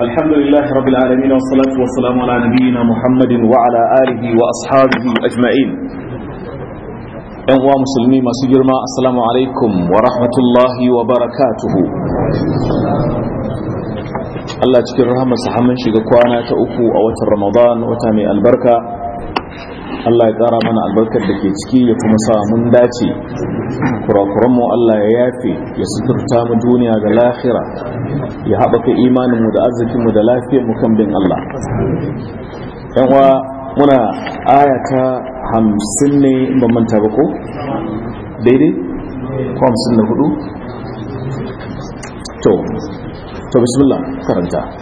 الحمد لله رب العالمين والصلاة والسلام على نبينا محمد وعلى آله وأصحابه أجمعين ‘Yan'uwa musulmi masu girma, Assalamu alaikum wa rahmatullahi wa barakatuhu. Allah cikin rahamarsa hamun shiga kwana ta uku a watan Ramadan wata mai albarka Allah ya ƙara mana albarkar da ke ciki ya kuma sa mun dace kurakuranmu Allah ya yafe ya suturta mu duniya ga lahira ya haɓaka imaninmu da arzikinmu da lafiyarmu kan bin Allah yanwa muna ayata hamsin ne in ban manta ba ko daidai ko hamsin da hudu to to bismillah karanta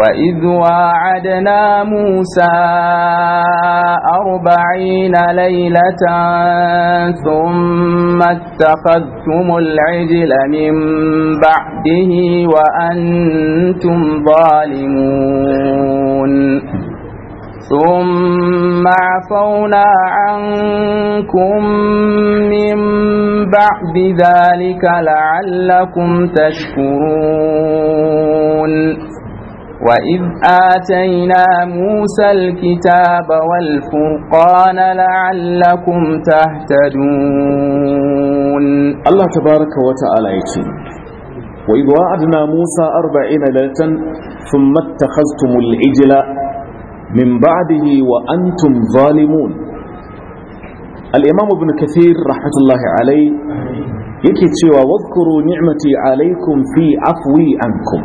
وإذ واعدنا موسى أربعين ليلة ثم اتخذتم العجل من بعده وأنتم ظالمون ثم عفونا عنكم من بعد ذلك لعلكم تشكرون وإذ آتينا موسى الكتاب والفرقان لعلكم تهتدون الله تبارك وتعالى يتي وإذ وعدنا موسى أربعين ليلة ثم اتخذتم العجل من بعده وأنتم ظالمون الإمام ابن كثير رحمة الله عليه يكي تشيوى واذكروا نعمتي عليكم في عفوي عنكم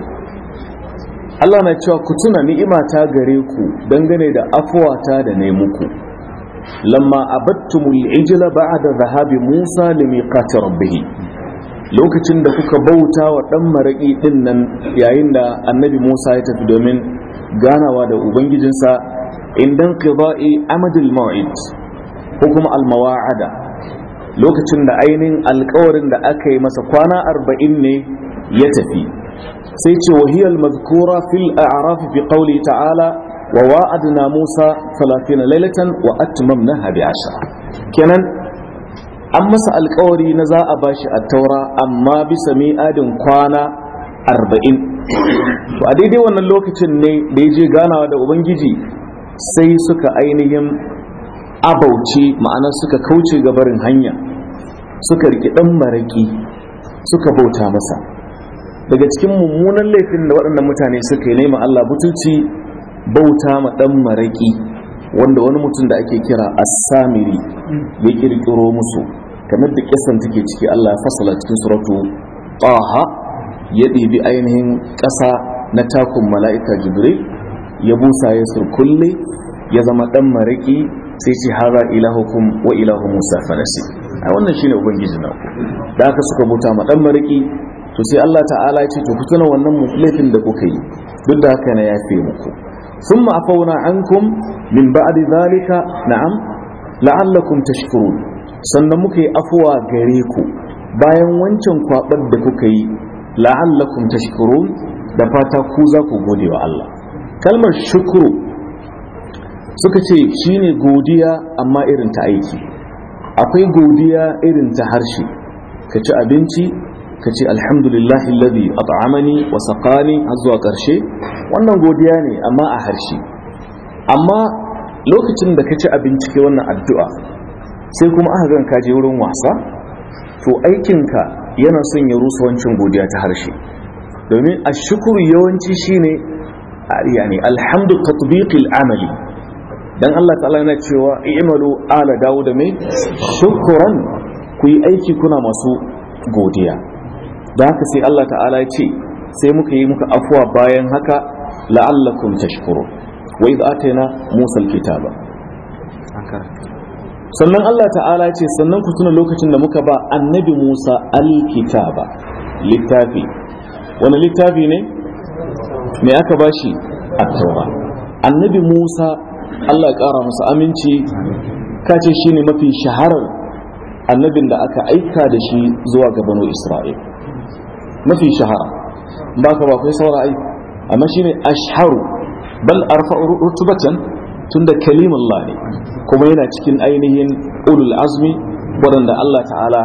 Allah na cewa ku tuna ni'imata gare ku dangane da afuwata da ne muku lamma abattumul ijla ba'da zahabi Musa miqati rabbih lokacin da kuka bauta wa dan maraki din nan yayin da annabi Musa ya tafi domin ganawa da ubangijinsa indan qida'i amadul maw'id hukum al mawa'ada lokacin da ainihin alkawarin da aka yi masa kwana arba'in ne ya tafi sai ce wahiyar mazkura fil a'raf bi qawli ta'ala wa wa'adna Musa 30 lailatan wa atmamnaha bi 10 kenan an masa alkawari na za a bashi a taura amma bisa mi'adin kwana 40 to a daidai wannan lokacin ne da ya je ganawa da ubangiji sai suka ainihin abauce ma'ana suka kauce gabarin hanya suka riki ɗan maraƙi suka bauta masa daga cikin mummunan laifin da waɗannan mutane suka yi nema Allah butulci bauta ma ɗan maraƙi wanda wani mutum da ake kira Assamiri ya ƙirƙiro musu kamar da ƙasan take ciki Allah fasala cikin suratu taha ya ɗibi ainihin ƙasa na takun mala'ika jibril ya busa ya surkulle ya zama ɗan maraƙi sai ce haza ilahukum wa ilahu musa fanasi a wannan shine ubangiji na da aka suka buta ma ɗan maraƙi to sai Allah ta'ala ya ce to kutuna wannan laifin da kuka yi duk da haka na yafe muku sun ma'afauna an kum min ba'adi zalika na'am la'allakum tashkurun sannan muka yi afuwa gare ku bayan wancan kwabar da kuka yi la'allakum tashkurun da fata ku za ku gode wa Allah kalmar shukuru suka ce shine godiya amma irin ta aiki akwai godiya irin ta harshe ka ci abinci ka ce alhamdulillahi ladi at'amani wa saqani har zuwa karshe wannan godiya ne amma a harshe amma lokacin da ka ci abinci wannan addu'a sai kuma aka gan ka je wurin wasa to aikinka yana son ya rusa wancin godiya ta harshe domin ashukuru yawanci shine yani alhamdu tatbiqil amali dan Allah ta'ala yana cewa i'malu ala dawuda mai shukran ku yi aiki kuna masu godiya da haka sai Allah ta'ala ce sai muka yi muka afuwa bayan haka la'allakum tashkuru wa idh atayna musa alkitaba sannan Allah ta'ala ce sannan ku tuna lokacin da muka ba annabi Musa alkitaba littafi wani littafi ne me aka bashi at-taura annabi Musa Allah ya kara masa aminci kace shine mafi shaharar annabin da aka aika da shi zuwa ga banu Isra'il mafi shahara ba ka ba kai saura ai amma shine ashharu bal arfa'u rutubatan tunda kalimun ne kuma yana cikin ainihin ulul azmi waɗanda Allah ta'ala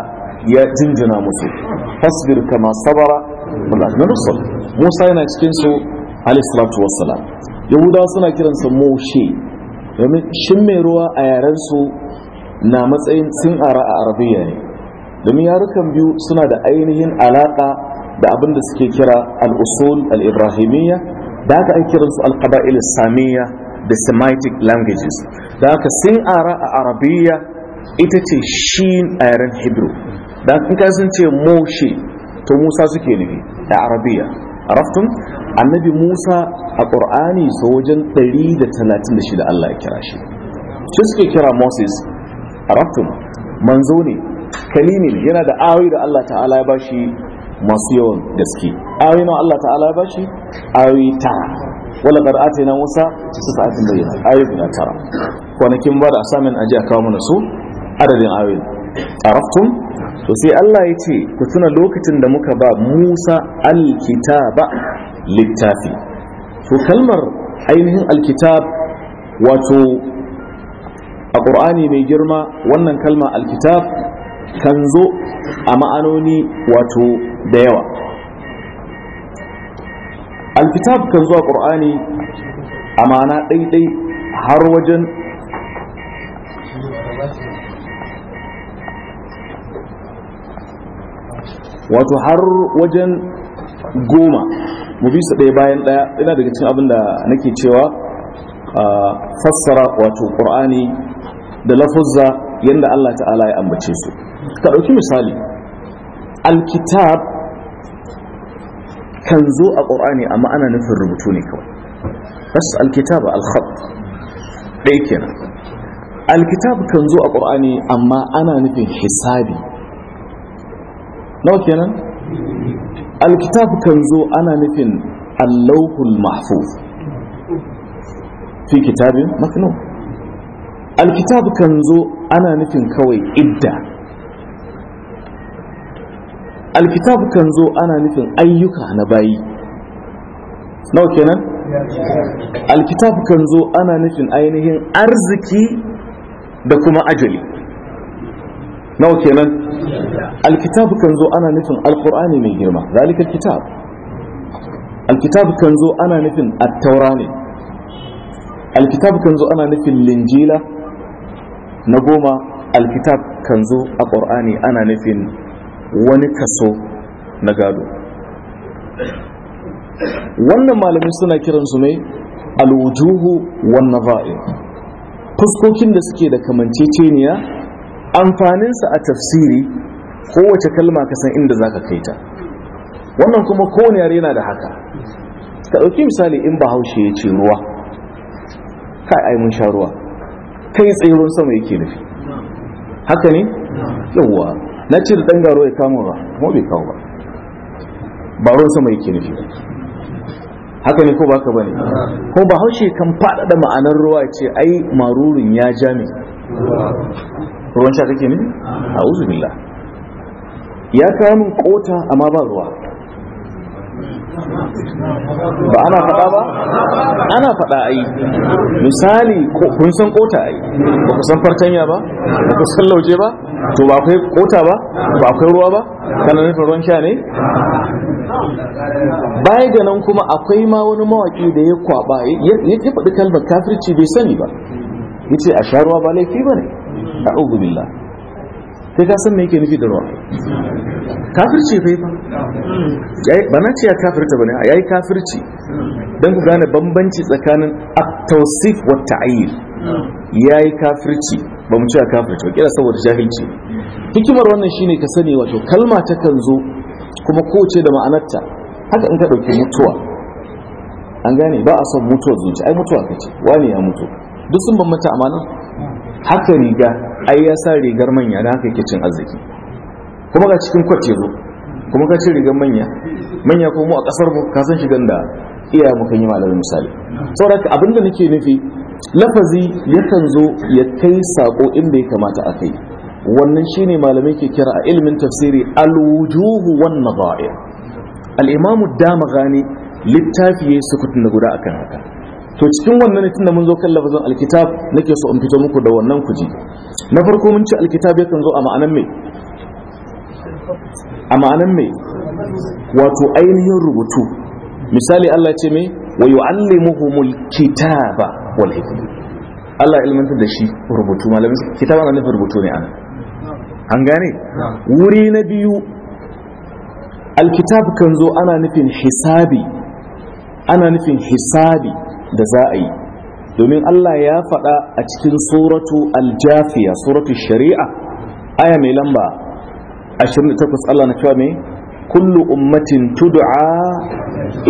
ya jinjina musu fasbir kama sabara mulazmin rusul Musa yana cikin su alayhi wassalam Yahudawa suna kiransa Moshe domin shin mai ruwa a yaren su na matsayin sun ara a arabiya ne domin yarukan biyu suna da ainihin alaka da abin da suke kira al-usul al-ibrahimiyya da aka an kiransu al-qaba'il samiyya da semitic languages da aka sun ara a arabiya ita ce shin a yaren hebrew da aka ka sun ce moshe to musa suke nufi a arabiya araftun annabi musa a ƙur'ani sa wajen 136 allah ya kira shi shi suke kira moses araftun manzo ne kalimin yana da awi da allah ta'ala ya bashi masu yawan gaske ayoyi nawa Allah ta'ala ya bashi ayoyi tara wala qara'ati na musa su tis'atin bayyana ayoyi guda tara kwanakin ba da asamin aji aka mana su adadin ayoyi araftum to sai Allah ya ce ku tuna lokacin da muka ba Musa alkitaba littafi to kalmar ainihin alkitab wato a ƙur'ani mai girma wannan kalma alkitab kan zo a ma'anoni wato da yawa alkitab kan zuwa a ƙur'ani a ma'ana ɗaiɗai har wajen wato har wajen goma mu bi su ɗaya bayan ɗaya ina daga cin abin da nake cewa fassara wato ƙur'ani da lafuzza yadda Allah ta'ala ya ambace su ka ɗauki misali alkitab kan zo a ƙorani amma ana nufin rubutu ne kawai bas alkitab alkhat ɗaya kenan alkitab kan zo a ƙorani amma ana nufin hisabi nawa kenan alkitab kan zo ana nufin allahul mahfuz fi kitabin maknun alkitab kan zo ana nufin kawai idda alkitab kan zo ana nufin ayyuka na bayi nawa kenan alkitab kan zo ana nufin ainihin arziki da kuma ajali nawa kenan alkitab kan zo ana nufin alkur'ani mai girma zalikar kitab alkitab kan zo ana nufin attaura ne alkitab kan zo ana nufin linjila na goma alkitab kan zo a ƙur'ani ana nufin wani kaso na gado wannan malamin suna kiransu mai alwujuhu wan nazair fuskokin da suke da kamanceceniya amfaninsa a tafsiri kowace kalma ka san inda zaka kai ta wannan kuma kowane yare yana da haka ka ɗauki misali in bahaushe ya ce ruwa kai ai mun sha ruwa kai tsaye ruwan sama yake nufi haka ne yawwa na ce da ɗan ya kama ba kuma bai kawo ba ba ruwan sama yake nufi haka ne ko baka bane ko ba haushe kan faɗaɗa ma'anar ruwa ce ai marurin ya ja ne ruwan sha kake ne a uzubillah ya kawo min kota amma ba ruwa ba ana faɗa ba ana faɗa ai misali kun san kota ai ba ku san fartanya ba ba ku san lauje ba to ba akwai kota ba ba akwai ruwa ba kana nufin ruwan sha ne baya ga nan kuma akwai ma wani mawaki da ya kwaba ya faɗi kalmar kafirci bai sani ba ya ce a sha ruwa ba laifi ba ne a billah sai ka san me yake nufi da ruwa kafirci fai ba ba na ce ya kafirta ba ne ya yi kafirci don ku gane bambanci tsakanin at-tawsif wa ta'ayyir ya yi kafirci ba mu ce a kafirci ba kira saboda jahilci hikimar wannan shine ka sani wato kalma ta kan zo kuma kowace da ma'anarta haka in ka ɗauki mutuwa an gane ba a son mutuwar zuci ai mutuwa ka ce wani ya mutu duk sun bambanta amana haka riga ai ya sa rigar manya da haka yake cin arziki kuma ga cikin kwace zo kuma ka ce rigar manya manya ko mu a kasar mu ka san shigan da iyaye mu kan yi malamin misali saboda abinda nake nufi lafazi yakan zo ya kai sako inda ya kamata a kai wannan shine malamai ke kira a ilimin tafsiri alwujuhu wan nadha'ir al-imam ad-damghani littafi ya sukutu na guda akan haka to cikin wannan tunda mun zo kan lafazin alkitab nake so in fito muku da wannan kuji na farko mun ce alkitab yakan zo a ma'anan me a ma'anan me wato ainihin rubutu misali Allah ce me wa yu'allimuhumul kitaba wal hikma Allah ilmantar da shi rubutu malamin kitaban nufin rubutu ne ana an gane wuri na biyu alkitab kan zo ana nufin hisabi ana nufin hisabi da za a yi domin Allah ya faɗa a cikin suratu aljafiya suratu shari'a aya mai lamba 28 Allah na cewa mai kullu ummatin tud'a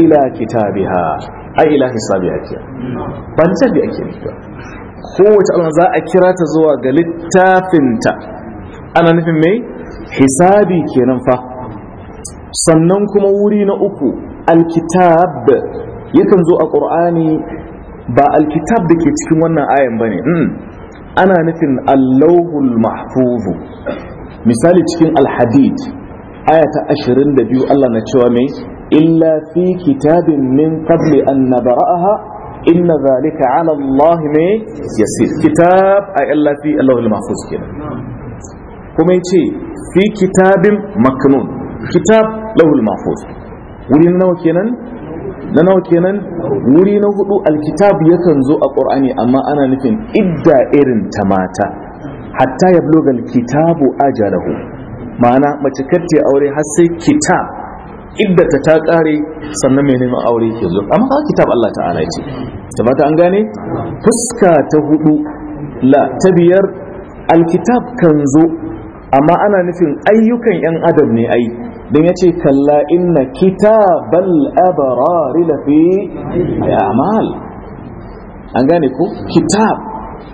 ila kitabiha ai ilahi hisabi ake ba lissafi ake nufi kowace alama za a kira ta zuwa ga littafinta ana nufin mai hisabi kenan fa sannan kuma wuri na uku alkitab yakan zo a ƙur'ani ba alkitab da ke cikin wannan ayan ba ne mm. ana nufin allahul mahfuzu misali cikin alhadid aya ta 22 allah na cewa mai illa fi kitabin min qabli an nabra'aha inna zalika ala Allah ne yasir kitab ay illa fi Allahul mahfuz kenan kuma yace fi kitabin maknun kitab lahul mahfuz wuri na nawa kenan wuri na hudu alkitab yakan zo a qur'ani amma ana nufin idda irin ta mata hatta ya bloga alkitabu ajalahu ma'ana mace kar ta aure har sai kitab iddata ta kare sannan mai neman aure ke zo amma ba kitab Allah ta'ala ya ce Tabata an gane fuska ta hudu la ta biyar alkitab kan zo amma ana nufin ayyukan yan adam ne ai don ya ce kalla inna kitabal abarari lafi amal an gane ko kitab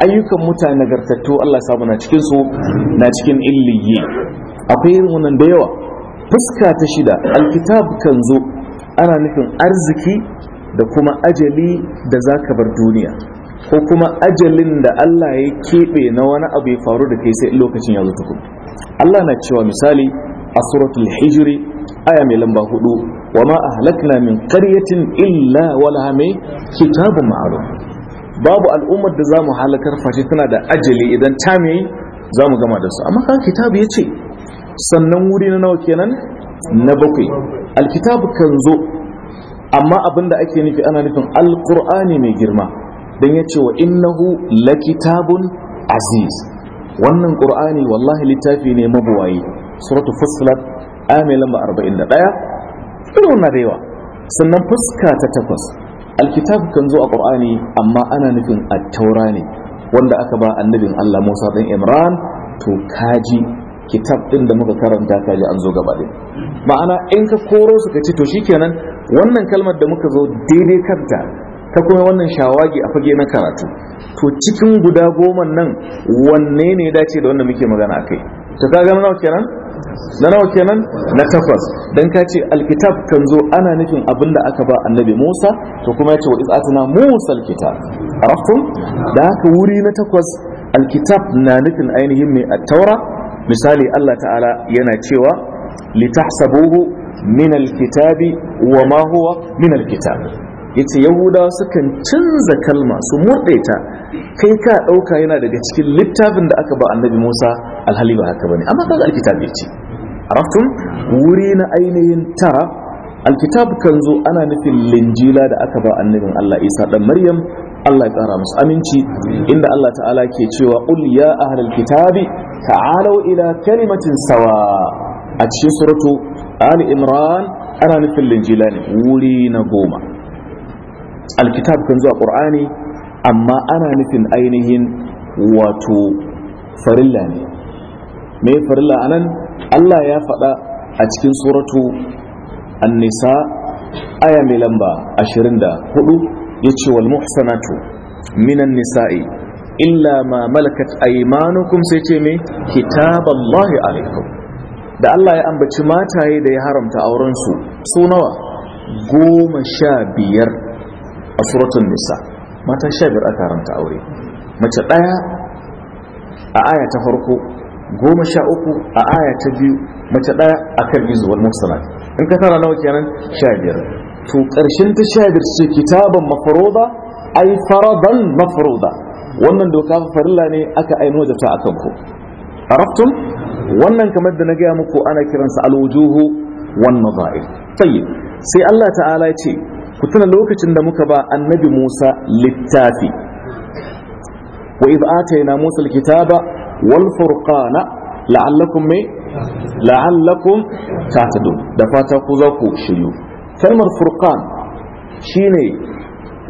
ayyukan mutane nagartattu Allah samu na cikin su na cikin illiyi akwai irin wannan da yawa fuska ta shida alkitab kan zo ana nufin arziki da kuma ajali da za ka bar duniya ko kuma ajalin da Allah ya keɓe na wani abu ya faru da kai sai lokacin ya zo tukun Allah na cewa misali a suratul hijri aya mai lamba hudu wa ma ahlakna min qaryatin illa wala mai kitabun ma'ruf babu al'ummar da zamu halakar face tana da ajali idan ta mai zamu gama da su amma kan kitabu yace sannan wuri na nawa kenan na bakwai alkitabu kan zo amma abinda ake nufi ana nufin alkur'ani mai girma don ya ce wa innahu lakitabun aziz wannan Kur'ani wallahi littafi ne mabuwayi suratu fusilat ayyami lamba 41 irin na da sannan fuska ta takwas alkitab kan zo a ƙur'ani amma ana nufin taura ne wanda aka ba annabin allah musa ɗan imran to kaji kitab din da muka karanta ta ji an zo gaba din ma'ana in ka koro su ka ci to shikenan wannan kalmar da muka zo daidai kanta ta kuma wannan shawagi a fage na karatu to cikin guda goma nan wanne ne ya dace da wanda muke magana a kai ta kaga na nawa kenan na nawa kenan na takwas dan ka ce alkitab kan zo ana nufin abin da aka ba annabi Musa to kuma ya ce wa iz'atuna Musa alkitab araftum da haka wuri na takwas alkitab na nufin ainihin mai at-taura misali Allah ta'ala yana cewa litahsabuhu min alkitabi wa ma huwa min alkitab yace yahudawa sukan canza kalma su ta kai ka dauka yana daga cikin littafin da aka ba annabi Musa alhali ba haka bane amma kaga alkitabi ce araftum wuri na ainihin tara alkitab kan zo ana nufin linjila da aka ba annabin Allah Isa dan Maryam Allah ya kara musu aminci inda Allah ta'ala ke cewa ul ya ahlal kitabi ta'alu ila kalimatin sawa a cikin suratu ali imran ana nufin linjila ne wuri na goma alkitab kan zuwa qur'ani amma ana nufin ainihin wato farilla ne me farilla anan Allah ya faɗa a cikin suratu an-nisa aya mai lamba 24 ce wal muhsanatu minan nisa'i illa ma malakat aymanukum sai ce me kitaballahi alaikum da Allah ya ambaci mataye da ya haramta auren su su nawa goma sha biyar a suratul nisa mata sha biyar aka haramta aure mace daya a aya ta farko goma sha uku a aya ta biyu mace daya akan izuwal muhsanat in ka tara nawa kenan sha biyar to ƙarshen ta sha ce kitaban mafaroda ai faradan mafaroda wannan doka farilla ne aka ainihin wajata a kanku araftum wannan kamar da na gaya muku ana kiransa alwujuhu wannan nadha'ir sai Allah ta'ala ya ce ku tuna lokacin da muka ba annabi Musa littafi wa idh atayna Musa alkitaba wal furqana la'allakum me la'allakum da fata ku za ku shiryu kalmar furkan shine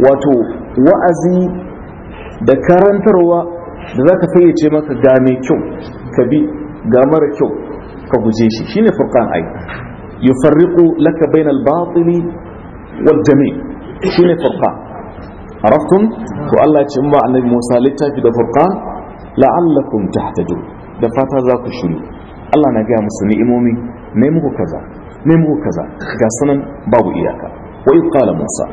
wato wa'azi da karantarwa da zaka fayyace maka ga mai kyau ka bi ga mara kyau ka guje shi shine furqan ai yufarriqu laka bainal batili wal jami' shine furqan araftum to Allah ce mu annabi Musa littafi da furkan la'allakum tahtadun da fata za ku Allah na gaya musu ni'imomi ne muku kaza نمو كذا كاسنا بابو babu وإذ قال موسى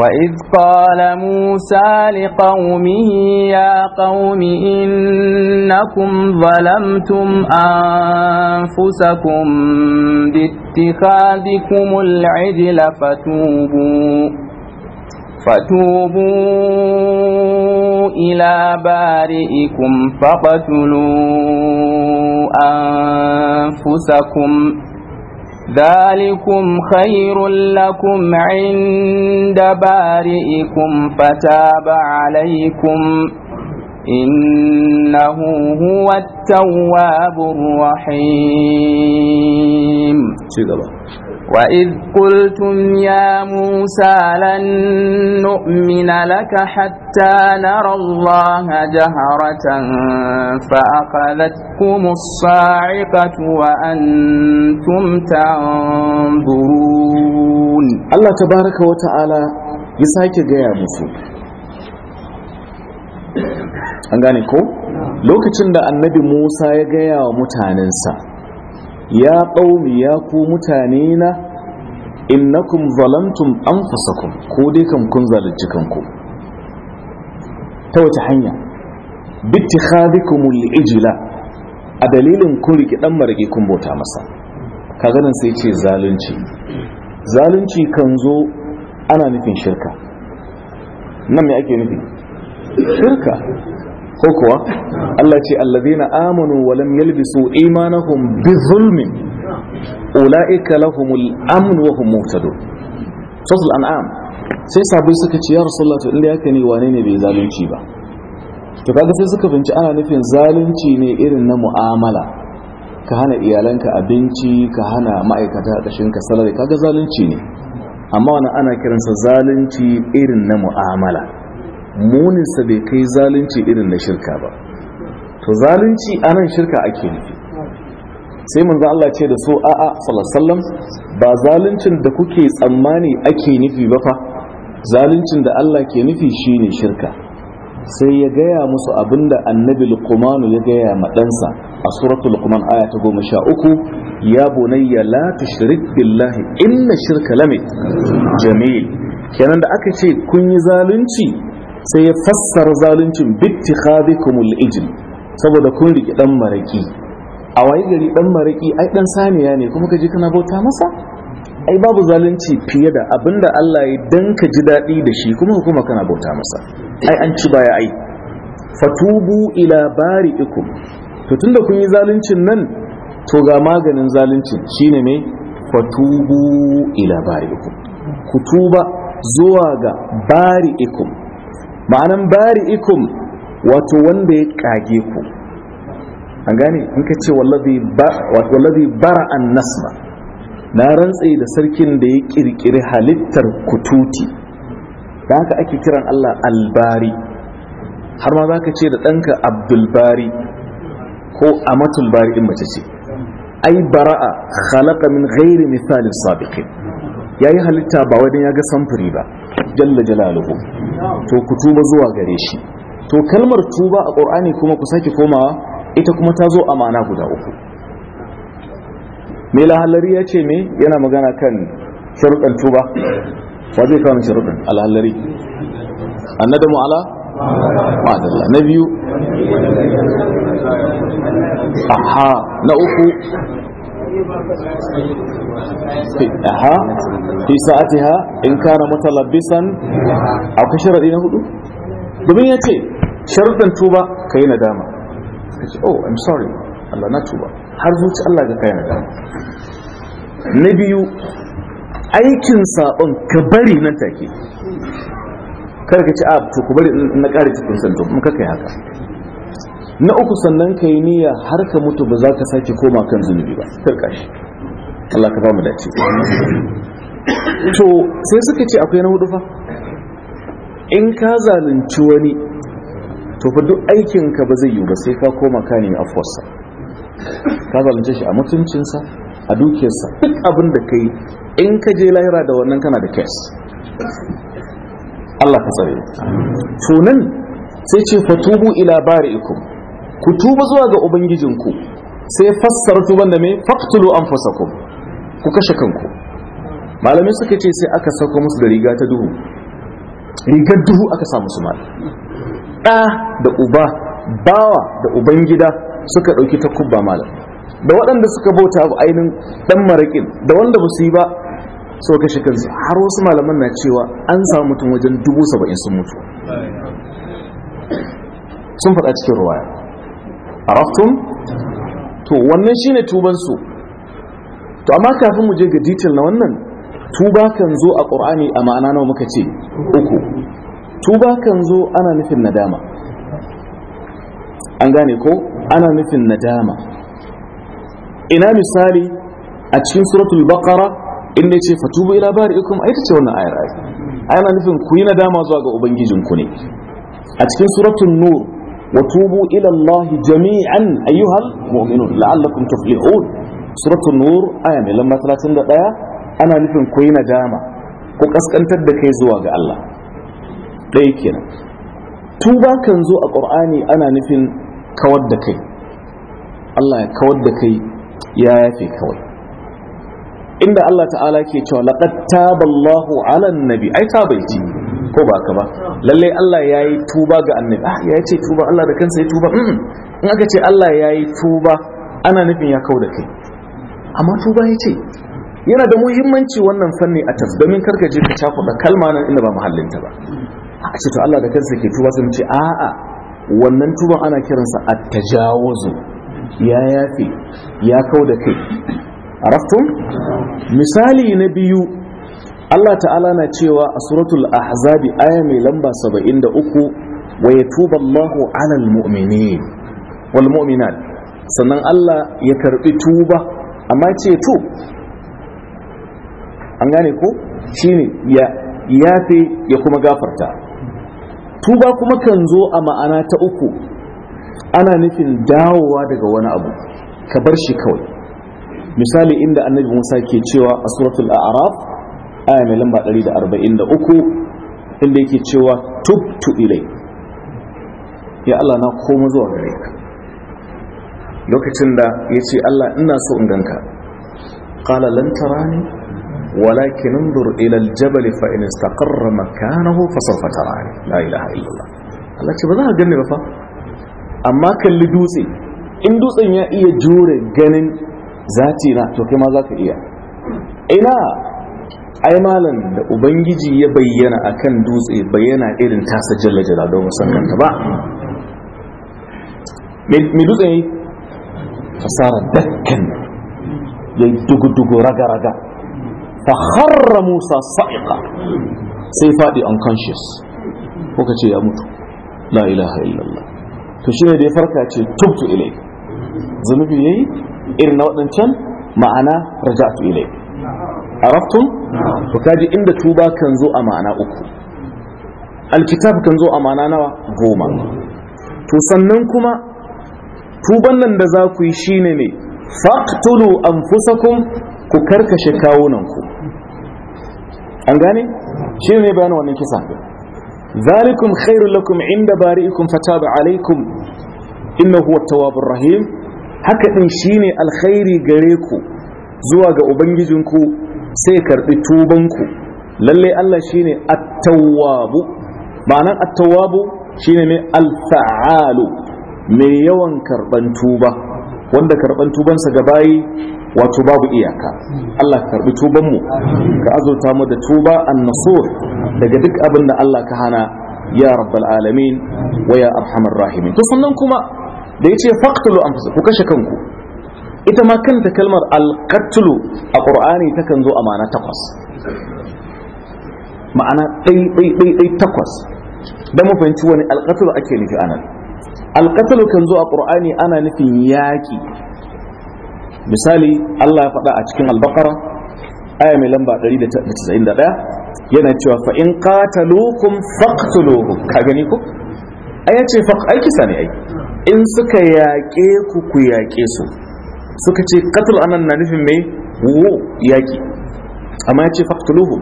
وإذ قال موسى لقومه يا قوم إنكم ظلمتم أنفسكم باتخاذكم العجل فتوبوا فتوبوا إلى بارئكم فاقتلوا أنفسكم ذلكم خير لكم عند بارئكم فتاب عليكم إنه هو التواب الرحيم وإذ قلتم يا موسى لن نؤمن لك حتى نرى الله جهرة فأخذتكم الصاعقة وأنتم تنظرون الله تبارك وتعالى يساك يا موسى an gane ko lokacin da annabi musa ya gaya ya qaumi ya ku mutane na innakum an anfusakum ko dai kan kun zalunci kanku ta wata hanya bitti khadikumul ijila, a dalilin kun riki ɗan marake kun bota masa ka ganin sai ce zalunci zalunci kan zo ana nufin shirka nan me ake nufi shirka ko kuwa Allah ce allazina amanu wa lam yalbisu imanahum bi ulaika lahumul amn wa hum muhtadun an'am sai sabu suka ce ya rasulullah to inda yake ne wane ne bai zalunci ba to kaga sai suka binci ana nufin zalunci ne irin na mu'amala ka hana iyalanka abinci ka hana ma'aikata kashin ka salari kaga zalunci ne amma wannan ana kiransa zalunci irin na mu'amala muninsa bai kai zalunci irin na shirka ba to zalunci a nan shirka ake nufi sai manzo Allah ce da so a'a sallallahu ba zaluncin da kuke tsammani ake nufi ba fa zaluncin da Allah ke nufi shine shirka sai ya gaya musu abinda annabi luqman ya gaya ma ɗansa a suratul luqman aya ta 13 ya bunayya la tushrik billahi inna shirka lamit jamil kenan da aka ce kun yi zalunci sai ya fassara zaluncin bitti khadikumul ijil saboda kun riki dan maraki a waye gari dan maraki ai dan saniya ne kuma kaje kana bauta masa ai babu zalunci fiye da abinda Allah ya dan ka ji dadi da shi kuma kuma kana bauta masa ai an ci baya ai fatubu ila bari'ikum to tunda kun yi zaluncin nan to ga maganin zaluncin shine me fatubu ila bari'ikum ku tuba zuwa ga bari'ikum ma'anan bari'ikum wato wanda ya kage ku an gane in ka ce wallazi an nasma na rantse da sarkin da ya kirkiri halittar kututi da haka ake kiran Allah albari har ma za ka ce da ɗanka abdulbari ko bari in mace ce ai bara'a khalaqa min ghairi misalin sabiqin yayi halitta ba wajen ya ga samfuri ba jalla jalaluhu to ku tuba zuwa gare shi to kalmar tuba a ƙur'ani kuma ku saki komawa ita kuma ta zo a ma'ana guda uku Me lahallari ya ce me yana magana kan sharuɗan tuba wa zai kawo sharuɗan alhallari mu ala ma'adalla na biyu aha na uku ha fi sa'atiha in kana mutalabbisan aw ka sharadi na hudu domin ya ce sharudan tuba ka yi nadama ce oh i'm sorry Allah na tuba har zuci Allah ga kai nadama na biyu aikin sabon ka bari nan take karka ka ce a ah, to ku bari na kare cikin santo mun kai haka na uku sannan ka yi niyya har ka mutu ba za ka sake koma kan zunubi ba karka shi Allah ka famu dace to sai suka ce akwai na hudu fa in ka zalunci wani to fa duk aikin ka ba zai yi ba sai ka koma ka ne afuwarsa ka zalunce shi a mutuncinsa a dukiyarsa duk abin da ka yi in ka je lahira da wannan kana da kes Allah ka tsare to nan sai ce fatubu ila bari'ikum ku tuba zuwa ga ubangijinku sai fassara tuban da me an anfusakum ku kashe kanku malamai suka ce sai aka sako musu da riga ta duhu rigar duhu aka samu su mal da da uba bawa da ubangida suka ɗauki ta kubba malam da waɗanda suka bauta abu ɗan ɗan marakin da wanda ba su yi ba so kashe kansu har wasu malaman na cewa an samu mutum wajen dubu saba'in sun mutu sun faɗa cikin ruwaya araftum to wannan shine ne tubansu. to amma kafin mu je ga detail na wannan tuba kan zo a qur'ani a ma'ana nawa muka ce uku tuba kan zo ana nufin nadama an gane ko ana nufin nadama ina misali a cikin suratul baqara in ce fatubu ila bari'ikum ai ce wannan ayar ai ana nufin ku yi nadama zuwa ga ubangijinku ne a cikin suratul nur وتوبوا إلى الله جميعا أيها المؤمنون لعلكم تفلحون سورة النور آية لما ثلاثين دقيقة أنا نفهم كوينة جامع وقسك أنت بكي زواج الله ليكنا توبا كنزو القرآن أنا نفهم كودكي الله كودكي يا يفي كوي inda Allah ta'ala ke cewa laqad taballahu 'alan nabi ai tabaiti ko ba ka ba lalle Allah ya yi tuba ga annabi ah ya ce tuba Allah da kansa ya tuba in aka ce Allah ya yi tuba ana nufin ya kau da kai amma tuba ya ce yana da muhimmanci wannan fanni a tas domin karka je ka cakuɗa kalma nan inda ba muhallinta ba a ce to Allah da kansa ke tuba sun ce a'a wannan tuban ana kiransa at-tajawuzu ya yafi ya kau da kai araftum misali na biyu Allah ta'ala na cewa a suratul ahzabi aya mai lamba 73 wa yatuba Allahu 'alal mu'minin wal mu'minat sannan Allah ya karbi tuba amma ce to an gane ko shine ya yafe ya kuma gafarta tuba kuma kan zo a ma'ana ta uku ana nufin dawowa daga wani abu ka bar shi kawai misali inda annabi Musa ke cewa a suratul a'raf aya mai lamba 143 inda yake cewa tubtu ilai ya Allah na koma zuwa gare ka lokacin da ya ce Allah ina so in ganka qala lan tarani walakin undur ilal aljabal fa in istaqarra makanahu fa sawfa tarani la ilaha illallah Allah ce ba za ka ganni ba fa amma kalli dutse in dutsen ya iya jure ganin zati na toke ma za ka iya ina ai malam da ubangiji ya bayyana akan dutse bayyana irin tasa jalla jalla don musallanta ba me dutse yi fasara dakkan ya dugu-dugu raga-raga ta harra musa sa'iqa sai faɗi unconscious kuka ce ya mutu la ilaha illallah to shi da ya farka ce tubtu ilai zunubi ya yi irin na waɗancan ma'ana raja'atu ilai arabtum to kaji inda tuba kan zo a ma'ana uku alkitab kan zo a ma'ana nawa goma to sannan kuma tuban nan da za ku yi shine ne faqtulu anfusakum ku karkashe kawunanku an gane shine ne bayanin wannan kisa zalikum khairul lakum inda bari'ikum fataba alaikum innahu at-tawwabur rahim haka din shine alkhairi gare ku zuwa ga ubangijinku sai karbi tubanku lalle Allah shine at-tawwabu ma'anan at-tawwabu shine mai al-fa'alu mai yawan karban tuba wanda karban tubansa ga bayi wato babu iyaka Allah ka karbi tubanmu ka azurta mu da tuba an daga duk abin da Allah ka hana ya rabbal alamin wa ya arhamar rahimin to sannan kuma da yace faqtulu anfusakum ku kashe kanku ita ma kanta kalmar alƙattulu a ƙur'ani kan zo a ma'ana takwas ma'ana ɗai takwas don mu wani alƙattulu ake nufi anan alƙattulu kan zo a ƙur'ani ana nufin yaƙi misali allah ya faɗa a cikin albakara aya mai lamba 191 yana cewa fa in qataluukum faqtuluhum ka gani ko ai yace faq ai kisa ne ai in suka yaƙe ku ku yaƙe su suka ce katul anan na nufin mai wo yaki amma ya ce faktuluhu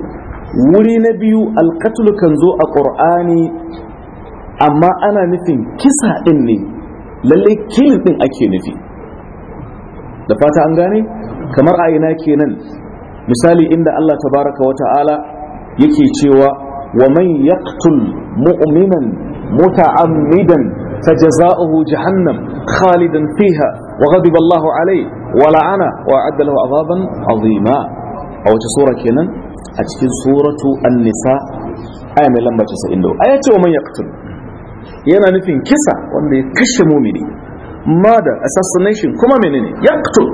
wuri na biyu alkatul kan zo a ƙur'ani amma ana nufin kisa ɗin ne lallai kil ɗin ake nufi da fata an gane kamar a ina kenan misali inda Allah tabaraka wa ta'ala yake cewa wa man yaqtul mu'minan muta'ammidan fajaza'uhu jahannam khalidan fiha وغضب الله عليه ولعنه وأعد له عذابا عظيما a cikin كنا أتكين سورة النساء آية من لما تسئل له آية ومن يقتل yana nufin kisa wanda ya kashe mumini murder assassination kuma menene yaqtul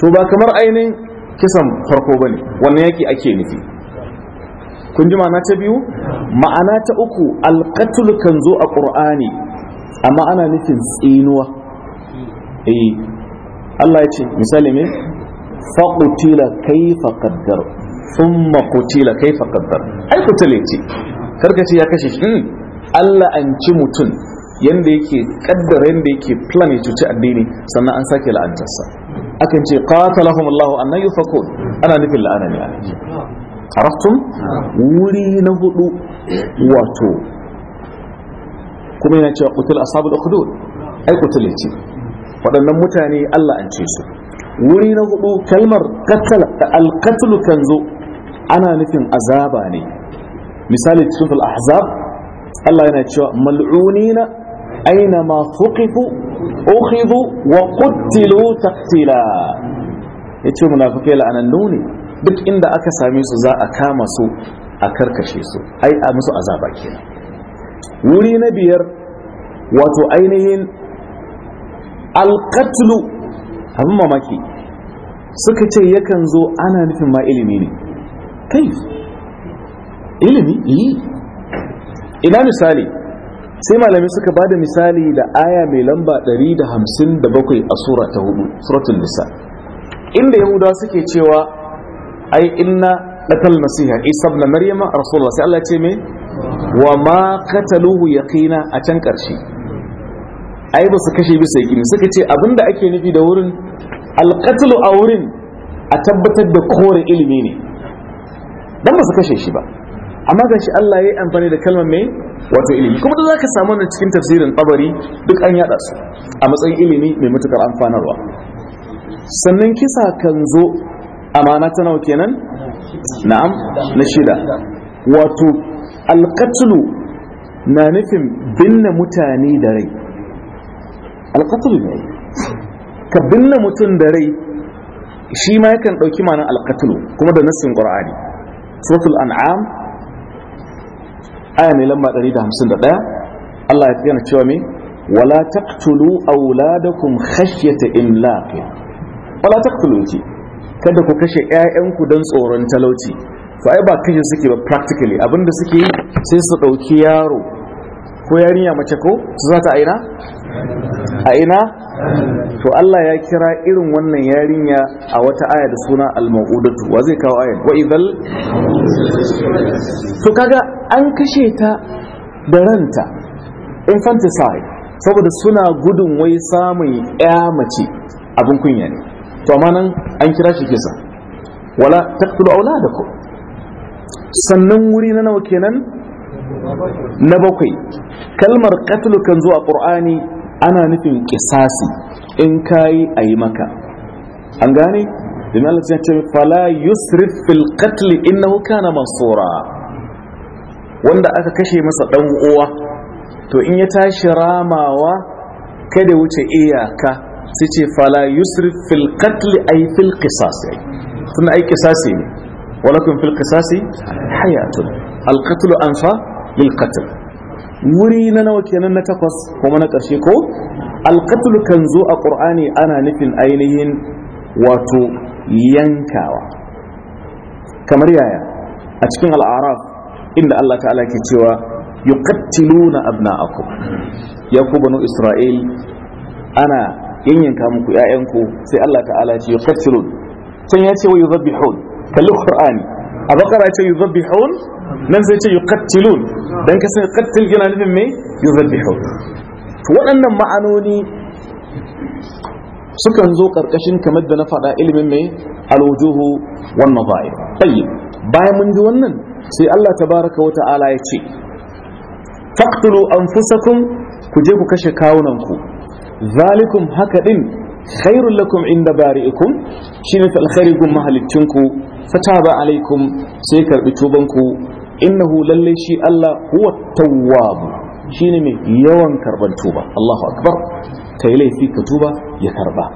to ba kamar ainihin kisan farko ba ne wannan yaki ake nufi kun ji ma'ana ta biyu ma'ana ta uku alƙatul kan zo a qur'ani. amma ana nufin tsinuwa eh Allah ya ce misali ne fa qutila kayfa qaddar thumma qutila kayfa qaddar ai qutile ce karka ce ya kashe shi hmm. Allah an ci mutun yanda yake kaddara yanda yake plan ya cuci addini sannan an sake la'antarsa akan ce qatalahum Allah an yufakun ana nufin la'ana ne arastum wuri na hudu wato kuma yana cewa qutil ashabul ukhdud ai qutile ce waɗannan mutane Allah an ce su wuri na hudu kalmar alkatlu kan zo ana nufin azaba ne misali cikin al-ahzab Allah yana cewa mal'unina aina ma thuqifu ukhidu wa qutilu taqtila yace munafikai la'anannu ne duk inda aka same su za a kama su a karkashe su ai a musu azaba kenan wuri na biyar wato ainihin alƙatulu abin mamaki suka ce yakan zo ana nufin ma ilimi ne kai ilimi yi ina misali sai malami suka ba da misali da aya mai lamba 157 a sura ta hudu suratun nisa inda yahudawa suke cewa ai inna ɗatal nasiha isa sabna maryama rasulullah sai Allah ce me wa ma kataluhu yaqina a can ƙarshe? ai ba su kashe bisa yaƙini suka ce abinda ake nufi da wurin alƙatulu a wurin a tabbatar da kore ilimi ne dan ba su kashe shi ba amma ga shi Allah ya yi amfani da kalmar mai wato ilimi kuma da za ka samu wannan cikin tafsirin tabari duk an yada su a matsayin ilimi mai matuƙar amfanarwa sannan kisa kan zo amana ta nawa kenan na'am na shida wato alqatlu na nufin binne mutane da rai ya ne ka binne mutum da rai shi ma yakan ɗauki na alƙatulu kuma da nassin ƙur'ani suratul an'am aya mai lamba 151 Allah ya yana cewa mai wala taqtulu auladakum khashyata imlaq wala taqtulu ce kada ku kashe ƴaƴanku don tsoron talauci fa ai ba kashe suke ba practically abinda suke sai su ɗauki yaro ko yarinya mace ko su za ta aina a ina to Allah ya kira irin wannan yarinya a wata aya da suna al maudatu wa zai kawo aya wa to kaga an kashe ta da ranta infanticide saboda suna gudun wai samun ya mace abin kunya ne to amma nan an kira shi kisa wala taqtulu auladakum sannan wuri na nawa kenan na bakwai kalmar katlu kan zuwa qur'ani ana nufin ƙisasi in kayi yi maka an gane domin Allah ya ce fala yusrif fil qatl innahu na masora wanda aka kashe masa ɗan uwa to in ya tashi ramawa kada wuce iyaka sai ce fala yusrif fil a yi fil ƙisasi suna aiki sasi ne walakum fil ƙisasi hayatun al an fa? lil wuri na nawa kenan na takwas kuma na ƙarshe ko al kan zo a qur'ani ana nufin ainihin wato yankawa kamar yaya a cikin al-araf inda Allah ta'ala ke cewa yuqattiluna abna'akum ya ku banu isra'il ana yanyanka muku ƴaƴanku sai Allah ta'ala ya ce yuqattilun can ya ce wa yuzabbihun kalli qur'ani a bakara ce yuzabbihun nan sai ce yuqattilun dan kasan qatl yana nufin me yuzbihu to waɗannan ma'anoni sukan zo ƙarƙashin kamar da na faɗa ilimin mai alwujuhu wannan nadha'ir tayyib bayan mun ji wannan sai Allah ta baraka wa ta'ala ya ce faqtulu anfusakum ku je ku kashe kawunanku zalikum haka ɗin khairun lakum inda bari'ikum shine alkhairi gum mahalicinku ba alaikum sai karɓi tubanku innahu lalle shi Allah huwa tawwab shine mai yawan karban tuba Allahu akbar kai laifi ka tuba ya karba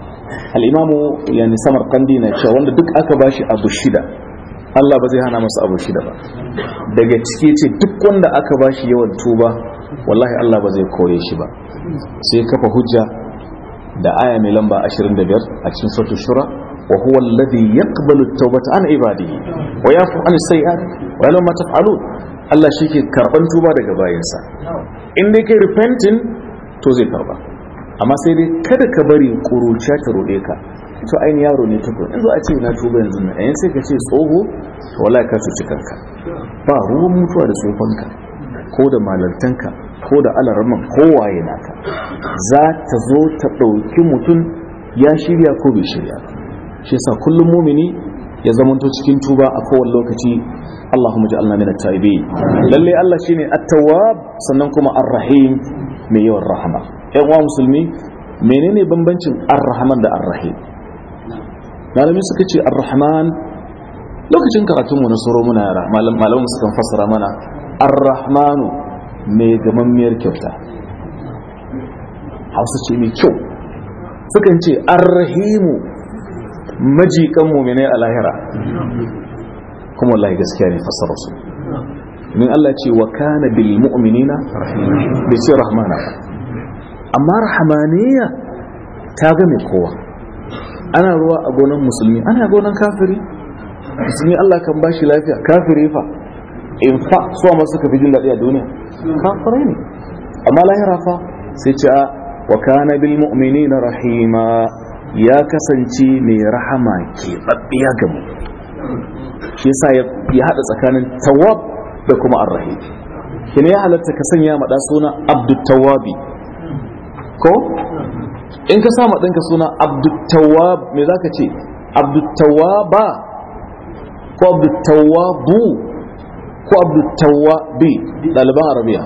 al-imamu yani samarkandi na cewa wanda duk aka bashi abu shida Allah ba zai hana masa abu shida ba daga ciki ce duk wanda aka bashi yawan tuba wallahi Allah ba zai kore shi ba sai kafa hujja da aya mai lamba 25 a cikin suratul shura وهو الذي يقبل التوبة عن عباده ويعفو عن السيئات ولو ما تفعلون Allah shi ke karɓan tuba daga bayansa in dai kai repenting to zai karɓa amma sai dai kada ka bari ƙuruciya ta ruɗeka. ka to ainihin yaro ne tukun in zo a ce na tuba yanzu na ayin sai ka ce tsoho to wala ka cuci kanka ba ruwan mutuwa da tsofanka ko da malartanka ko da alarman kowaye naka za ta zo ta ɗauki mutum ya shirya ko bai shirya ba shi yasa kullum mumini ya zamanto cikin tuba a kowane lokaci Allahumma ja'alna min at-taibin lalle Allah shine at-tawwab sannan kuma ar-rahim mai yawan rahama ɗan uwa musulmi menene bambancin ar-rahman da ar-rahim malami suka ce ar-rahman lokacin karatun mu na soro muna yara malamin suka fassara mana ar-rahmanu mai gamammiyar kyauta hausa ce mai kyau sukan ce ar-rahimu majikan muminai a lahira kuma wallahi gaskiya ne fassara su min Allah ce wa kana bil mu'minina bai ce rahmana amma rahmaniya ta game kowa ana ruwa a gonan musulmi ana gonan kafiri musulmi Allah kan bashi lafiya kafiri fa in fa suwa masu kafi jin daɗi a duniya kafiri ne amma lahira fa sai ce a wa kana bil mu'minina rahima ya kasance mai rahama babbiya ga mu shi yasa ya haɗa tsakanin tawab da kuma arrahim kina ya halatta ka sanya maɗa suna abdul tawabi ko in ka sa maɗinka suna abdul tawab me za ka ce abdul ko abdul tawabu ko abdul tawabi ɗaliban arabiya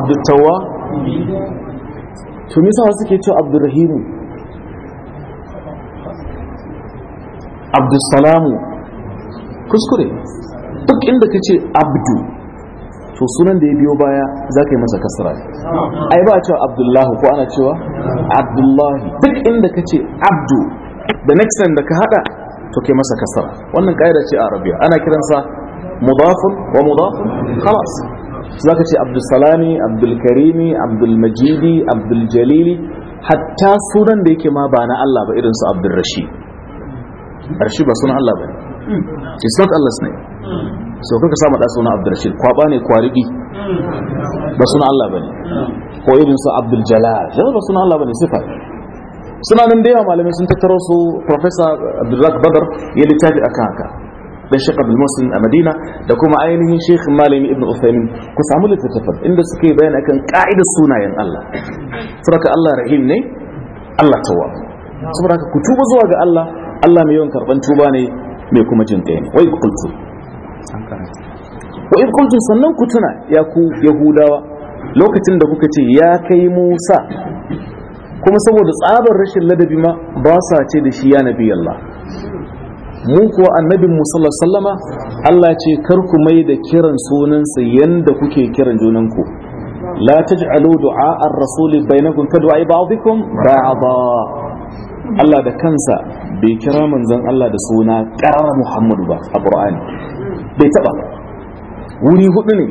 abdul tawabi to me yasa suke cewa abdul rahimu abdulsalamu kuskure duk inda ka ce abdu to sunan da ya biyo baya za ka yi masa kasara ai ba a cewa abdullahi ko ana cewa abdullahi duk inda ka ce abdu da next time da ka hada to ke masa kasara wannan ƙa'ida ce a arabiya ana kiransa mudafun wa mudafun khalas za ka ce abdulsalami abdulkarimi abdulmajidi abduljalili hatta sunan da yake ma ba na allah ba irinsu abdulrashid Arshi ba sunan Allah bane it's not Allah name so kuka samu da sunan Abdurrashid kwaba ne kwaridi ba sunan Allah bane ko irin su Abdul Jalal ba sunan Allah bane sifa suna nan da yawa malamai sun tattaro su professor Abdullak Badar ya littafi akan haka Ɗan Sheikh Abdul Muslim a Madina da kuma ainihin Sheikh Malami Ibn Uthaymeen ku samu littattafan inda suke bayani akan ka'idar sunayen Allah saboda Allah Rahim ne Allah Tawwab saboda ku tuba zuwa ga Allah Allah mai yawan karban tuba ne mai kuma jin kai ne wai kultu wai kultu sannan ku tuna ya ku yahudawa lokacin da kuka ce ya kai Musa kuma saboda tsabar rashin ladabi ma ba sa ce da shi ya nabi Allah mu kuwa annabin mu sallama Allah ce kar ku mai da kiran sunansa yanda kuke kiran junanku la taj'alu du'a ar-rasuli bainakum ka du'a ba'dikum ba'da Allah da kansa bai kira manzon Allah da suna ƙarar Muhammadu ba a Qur'ani bai taba wuri hudu ne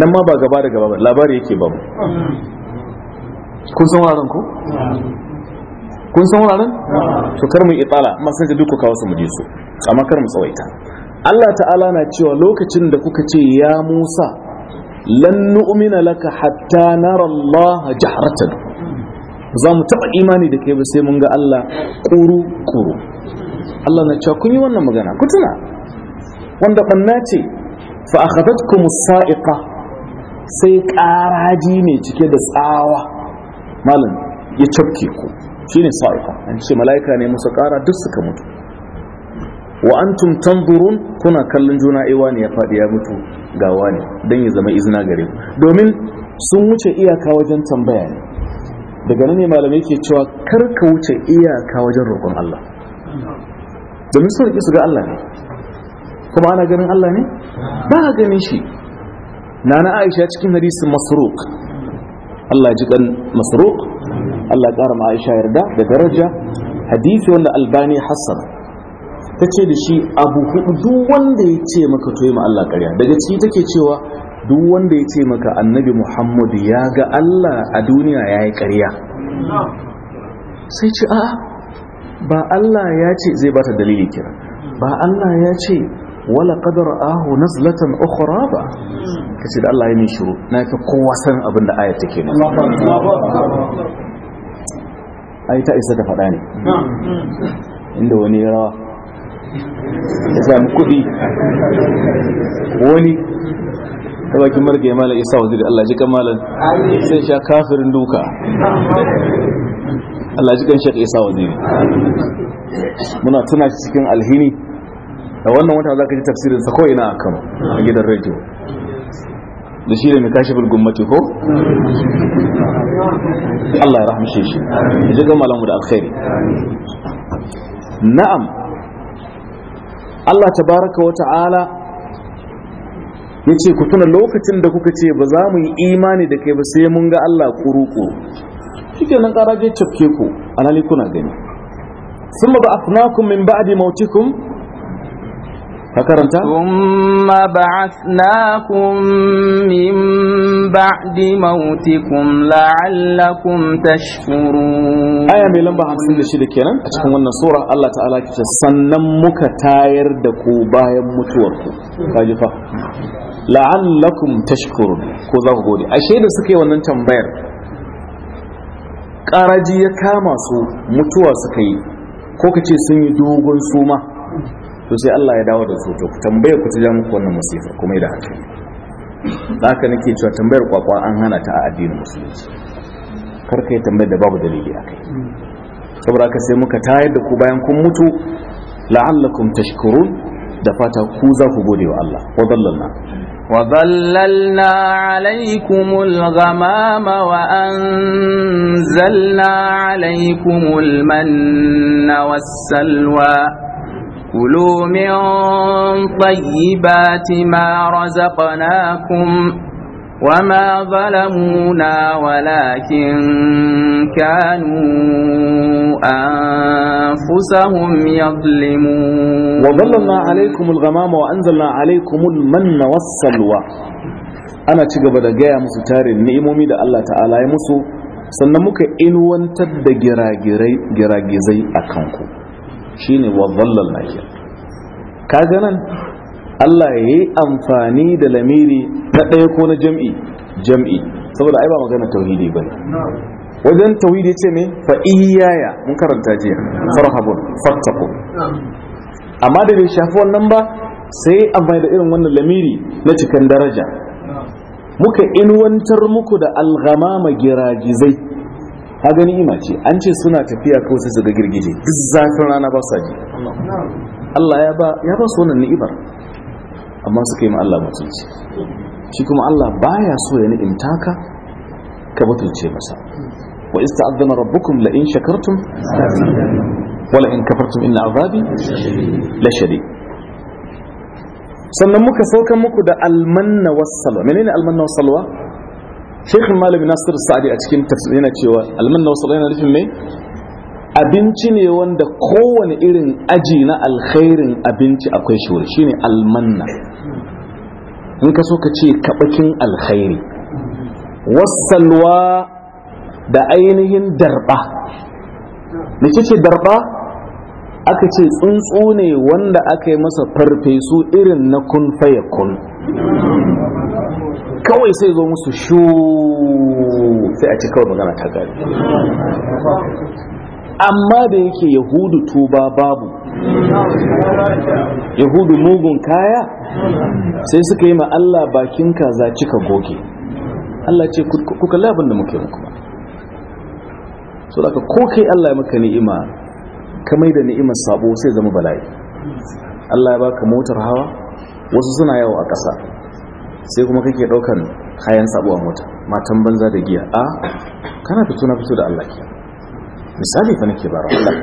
nan ma ba gaba da gaba ba labari yake babu kun san wuraren ku? kun san wuraren to kar mu itala amma san ka duka kawo su mu je su amma kar mu tsawaita Allah ta'ala na cewa lokacin da kuka ce ya Musa lan nu'mina laka hatta nara Allah jahratan za mu taɓa imani da kai ba sai mun ga Allah ƙuru ƙuru Allah na cewa kun yi wannan magana ku tuna wanda banna ce fa akhadatkum sa'iqa sai ƙaraji ne cike da tsawa malam ya cafke ku shine sa'iqa an ce mala'ika ne musu ƙara duk suka mutu wa antum tanzurun kuna kallon juna aiwa eh, ne ya faɗi ya mutu ga wani dan ya zama izina gare ku domin sun wuce iyaka wajen tambaya ne daga nan ne malamai ke cewa kar ka wuce iyaka wajen roƙon Allah domin sun riƙe su ga Allah ne kuma ana ganin Allah ne ba a ganin shi nana Aisha cikin hadisin masruq Allah ji dan masruq Allah ya ƙara ma Aisha yarda da daraja hadisi wanda Albani Hassan ta ce da shi abu hudu duk wanda ya ce maka toye ma Allah ƙarya daga ciki take cewa duk wanda ya ce maka annabi muhammadu ya ga allah a duniya ya yi kariya. sai ce a ba allah ya ce zai ba ta dalili kira ba allah ya ce wala ƙadar ahu na zlatan okura ba ka ce da allah ya ne shiru na fi kowa san abin da ayat take ne ai ta isa da faɗa ne inda wani ya rawa ya sami kuɗi wani ta bakin marga malam isa waziri Allah ji kan malam sai sha kafirin duka Allah ji kan shek isa waziri muna tuna shi cikin alhini da wannan wata za ka ji tafsirin sa kawai na akan a gidan rediyo da shi da mai kashi bulgummati ko? Allah ya rahmashe shi da jirgin malamu da alkhairi na'am Allah tabaraka wa ta'ala ya ce ku tuna lokacin da kuka ce ba za mu yi imani da kai ba sai mun ga Allah kuru-kuru shi nan ƙaraje cafke ku alhali kuna gani sun ba afnakum min ba'di mautikum ka karanta thumma ba'athnakum min ba'di mautikum la'allakum tashkurun aya mai lamba 56 kenan a cikin wannan sura Allah ta'ala ke sannan muka tayar da ku bayan mutuwarku kaji fa la'allakum tashkurun ko za ku gode ashe da suka yi wannan tambayar ƙaraji ya kama su mutuwa suka yi ko ka ce sun yi dogon suma to sai Allah ya dawo da su to ku ku ta jan muku wannan masifa kuma da haka haka nake cewa tambayar kwakwa an hana ta a addinin musulunci kar ka yi tambayar da babu dalili a kai saboda haka sai muka tayar da ku bayan kun mutu la'allakum tashkurun da fata ku za ku gode wa Allah wa dallalna وَظَلَّلْنَا عَلَيْكُمُ الْغَمَامَ وَأَنزَلْنَا عَلَيْكُمُ الْمَنَّ وَالسَّلْوَى كُلُوا مِن طَيِّبَاتِ مَا رَزَقْنَاكُمْ وما ظلمونا ولكن كانوا أنفسهم يظلمون وظللنا عليكم الغمام وأنزلنا عليكم المن والسلوى أنا تجب دقايا مسوتار النئمومي دا الله تعالى يمسو sannan muka inuwantar da giragizai a kanku shine wa zallalna ke kaga nan Allah ya yi amfani da lamiri na ɗaya ko na jam'i jam'i saboda ai ba magana tauhidi bane wajen tauhidi ce ne fa iyaya mun karanta jiya farhabun fattaqu amma da bai shafi wannan ba sai amfani da irin wannan lamiri na cikin daraja muka inwantar muku da ma giragizai ha gani ima ce an ce suna tafiya kawai sai su ga girgije duk zafin rana ba sa ji Allah ya ba su wannan ni'ibar amma suka yi ma Allah mutunci shi kuma Allah baya so ya ni'imta ka ka mutunce masa wa ista'adana rabbukum la in shakartum wala in kafartum inna azabi la shari sannan muka saukan muku da almanna wassalwa menene almanna wassalwa Sheikh Malik Nasir Sa'di a cikin tafsir yana cewa almanna wassalwa yana nufin me abinci ne wanda kowane irin aji na alkhairin abinci akwai shi shine almanna in ka so ka ce kaɓakin alkhairi wasalwa da ainihin darba mace ce darba aka ce tsuntsu ne wanda aka yi masa farfesu irin na kun faya kun kawai sai zo musu shu sai a ci kawai magana ta gari amma da yake yahudu tuba babu yahudu mugun kaya sai suka yi ma Allah bakin kaza cika goge Allah ce kuka kalli abin da muke muku so da ko kai Allah ya maka ni'ima ka mai da ni'imar sabo sai zama bala'i Allah ya baka motar hawa wasu suna yawo a ƙasa sai kuma kake ɗaukan kayan sabo a mota matan banza da giya a kana fito na fito da Allah kenan misali fa nake bara Allah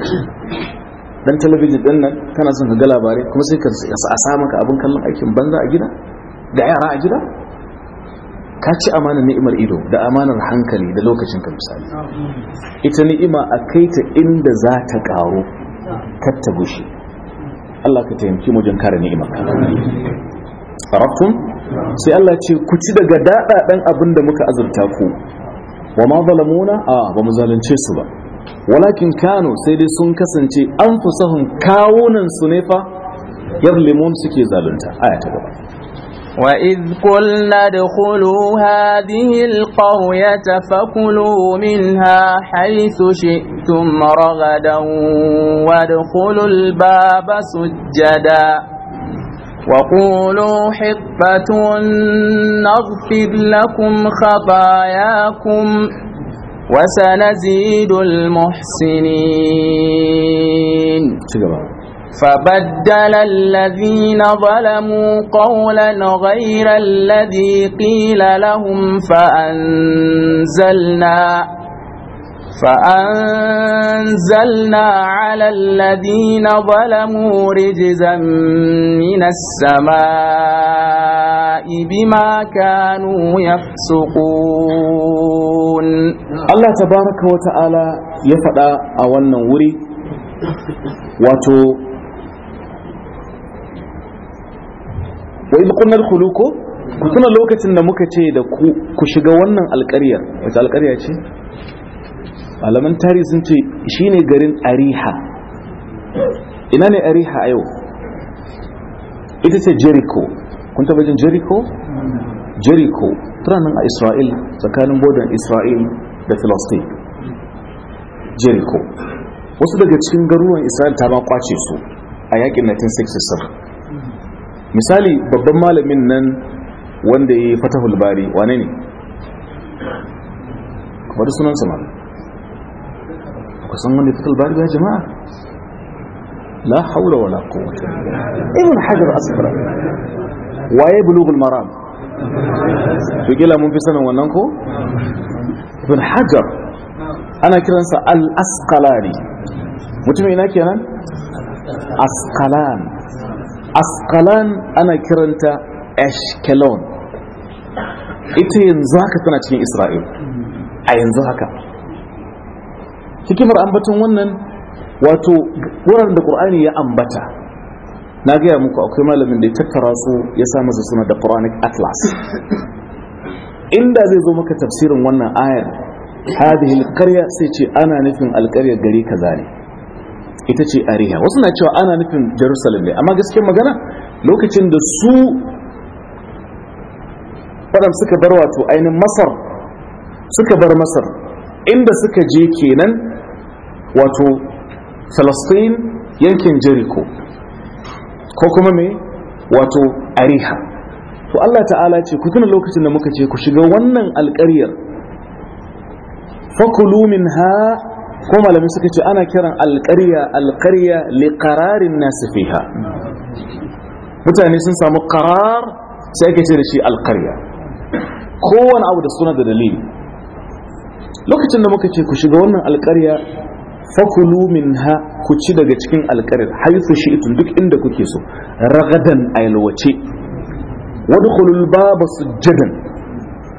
dan talabijin din nan kana son ka ga labarai kuma sai ka a sa maka abin kallon aikin banza a gida da yara a gida ka ci amanar ni'imar ido da amanar hankali da lokacin ka misali ita ni'ima a kai ta inda za ta karo kar ta gushe Allah ka taimaki mu wajen kare ni'imar ka arabtum sai Allah ce ku ci daga dada dan abin da muka azurta ku wa ma zalamuna a ba mu zalunce su ba walakin kano sai dai sun kasance an fusahun kawunan su ne fa yarlimun suke zalunta aya ta gaba وإذ قلنا ادخلوا هذه القرية فكلوا منها حيث شئتم رغدا وادخلوا الباب سجدا وقولوا حطة نغفر لكم خطاياكم وسنزيد المحسنين فبدل الذين ظلموا قولا غير الذي قيل لهم فأنزلنا فأنزلنا على الذين ظلموا رجزا من السماء بما كانوا يفسقون الله تبارك وتعالى يفدا a wannan wuri wato wai kuma kunna al kuma ku tuna lokacin da muka ce da ku ku shiga wannan alƙaryar wace alƙarya ce malaman tarihi sun ce shine garin ariha ina ne ariha a yau ita ce jericho kun taba jin jericho jericho tana nan a isra'il tsakanin bodin isra'il da philistine jericho wasu daga cikin garuruwan isra'il ta ma kwace su a yakin 1967 misali babban malamin nan wanda ya yi fatahul bari wane ne kamar sunan samari kusan wanda ya fatahul bari ya jama'a la haula wala quwwata ibn hajar asfara waye bulugul maram to mun fi sanin wannan ko ibn hajar ana kiransa al-asqalani mutum ina kenan asqalan asqalan ana kiranta ashkelon ita yanzu haka tana cikin isra'il a yanzu haka hikimar ambaton wannan wato wuraren da ƙur'ani ya ambata na gaya muku akwai malamin da ya tattara su ya sa masa suna da quranic atlas inda zai zo maka tafsirin wannan ayar hadihi alqarya sai ce ana nufin alqarya gari kaza ne ita ce ariha wasu na cewa ana nufin jerusalem ne amma gaskiyar magana lokacin da su waɗanda suka bar wato ainihin masar suka bar masar inda suka je kenan wato falastin yankin jericho ko kuma me wato ariha to Allah ta'ala ce ku tuna lokacin da muka ce ku shiga wannan alƙaryar fakulu ha, ko malami suka ce ana kiran alƙarya alƙarya li qararin nasu fiha mutane sun samu qarar sai ake ce da shi alƙarya kowane abu da suna da dalili lokacin da muka ce ku shiga wannan alƙarya fakulu ha ku ci daga cikin alkarin haifu itin duk inda kuke so ragadan a yalwace wadkhulul baba sujjadan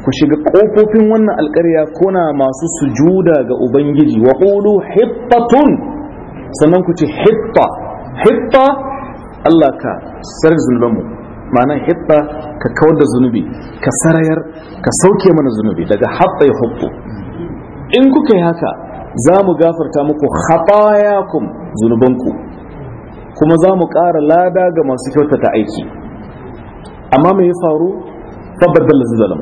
ku shiga ƙofofin wannan alkarya kuna masu sujuda ga ubangiji wa qulu tun sannan ku ce hitta hitta Allah ka sar zunubanmu ma'ana hitta ka kawar da zunubi ka sarayar ka sauke mana zunubi daga hatta ya in kuka yi haka za mu gafarta muku hafayakun zunubanku kuma za mu ƙara lada ga masu kyautata aiki amma me ya faru fabaddal zalam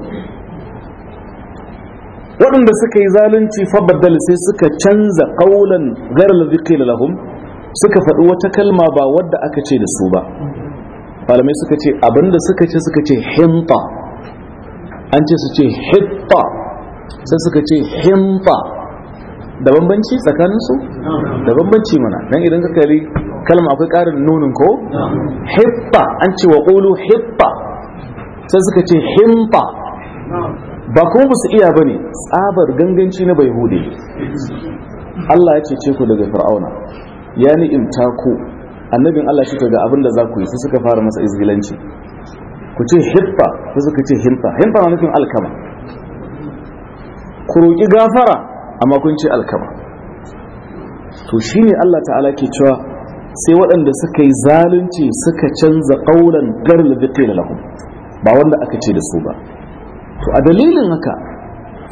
waɗanda suka yi zalunci fabaddal sai suka canza ƙaulan gara ladhikila lahum suka faɗi wata kalma ba wadda aka ce da su ba malamai suka ce abinda suka ce suka ce hinta an ce su ce hitta sai suka ce hinta da bambanci tsakaninsu da bambanci mana don idan ka kari kalma akwai ƙarin nunin ko hippa an ce wa ƙulu hippa sai suka ce himpa ba ko musu iya bane tsabar ganganci na bai hude Allah ya cece ku daga fir'auna ya ni'imta ku annabin Allah shi ga abin da za ku yi sai suka fara masa izgilanci ku ce hippa sai suka ce himpa himpa na nufin alkama ku roƙi gafara amma kun ce alkama to shine Allah ta'ala ke cewa sai waɗanda suka yi zalunci suka canza ƙauran garin da ta lahum ba wanda aka ce da su ba to a dalilin haka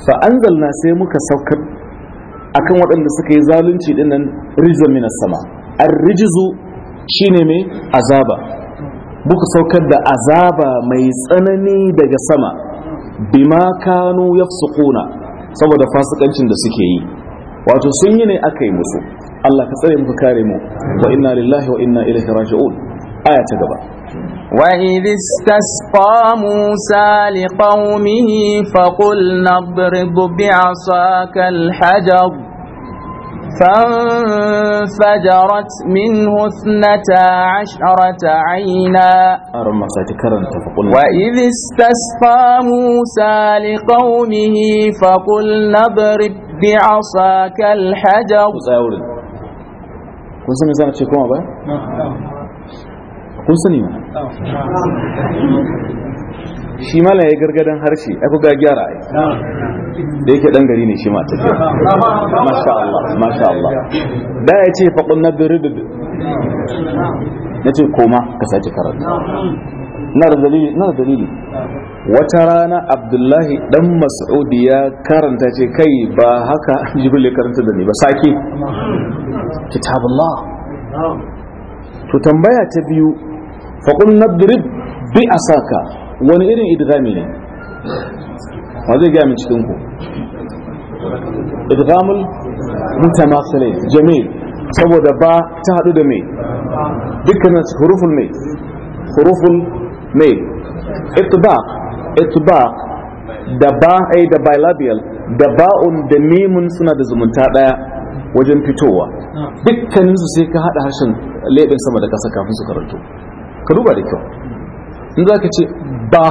fa anzalna sai muka saukar akan waɗanda suka yi zalunci dinnan nan minas sama rijizu shi shine mai azaba muka saukar da azaba mai tsanani daga sama bima kanu yafsukuna saboda fasikancin da suke yi wato sun yi ne aka yi musu Allah ka tsare muka kare mu wa inna lillahi wa inna ilaihi raji'un aya ta gaba وإذ استسقى موسى لقومه فقل نضرب بعصاك الحجر فانفجرت منه اثنتا عشرة عينا وإذ استسقى موسى لقومه فقلنا اضرب بعصاك الحجر kun sani za a ce koma ba? kun sani shi mala ya gargadan harshe ai ga gyara ai da yake dan gari ne shi ma tafiya masha Allah masha Allah da ya ce fa qulna birid nace koma ka saki karanta na da dalili na da dalili wata rana abdullahi dan mas'ud ya karanta ce kai ba haka jibril ya karanta da ni ba saki kitabullah to tambaya ta biyu fa qulna birid bi asaka wani irin idgami ne ma zai gami cikin ku idgamul mutamasilai jamil saboda ba ta hadu da mai dukkanin hurufun mai hurufun mai itbaq itbaq da ba yi da bilabial da ba'un da mimun suna da zumunta daya wajen fitowa dukkaninsu sai ka hada harshen leɓen sama da kasa kafin su karanto ka duba da kyau in za ka ce ba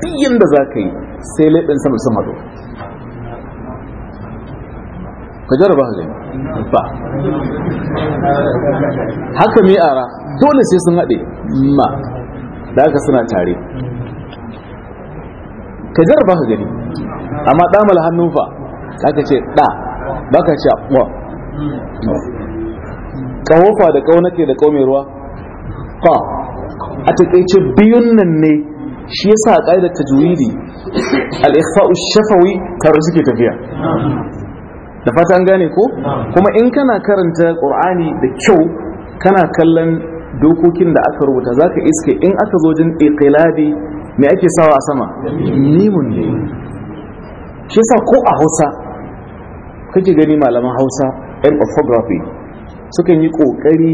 fiyin da za ka yi sai laifin sama sama do ka jaraba ha gani ba haka mai ara dole sai sun haɗe ma da aka suna tare ka jaraba ha gani amma ɗamala hannun fa aka ce ɗa ba ka sha ɓwa ƙawofa da ƙaunake da ƙaume ruwa fa a takaice biyun nan ne shi yasa a ƙa'idar tajwidi al-ikhfa'u shafawi tare suke tafiya da fata an gane ko kuma in kana karanta qur'ani da kyau kana kallon dokokin da aka rubuta za ka iske in aka zo jin ikiladi me ake sawa a sama mimun ne shi yasa ko a Hausa kake gani malaman Hausa yan orthography sukan yi ƙoƙari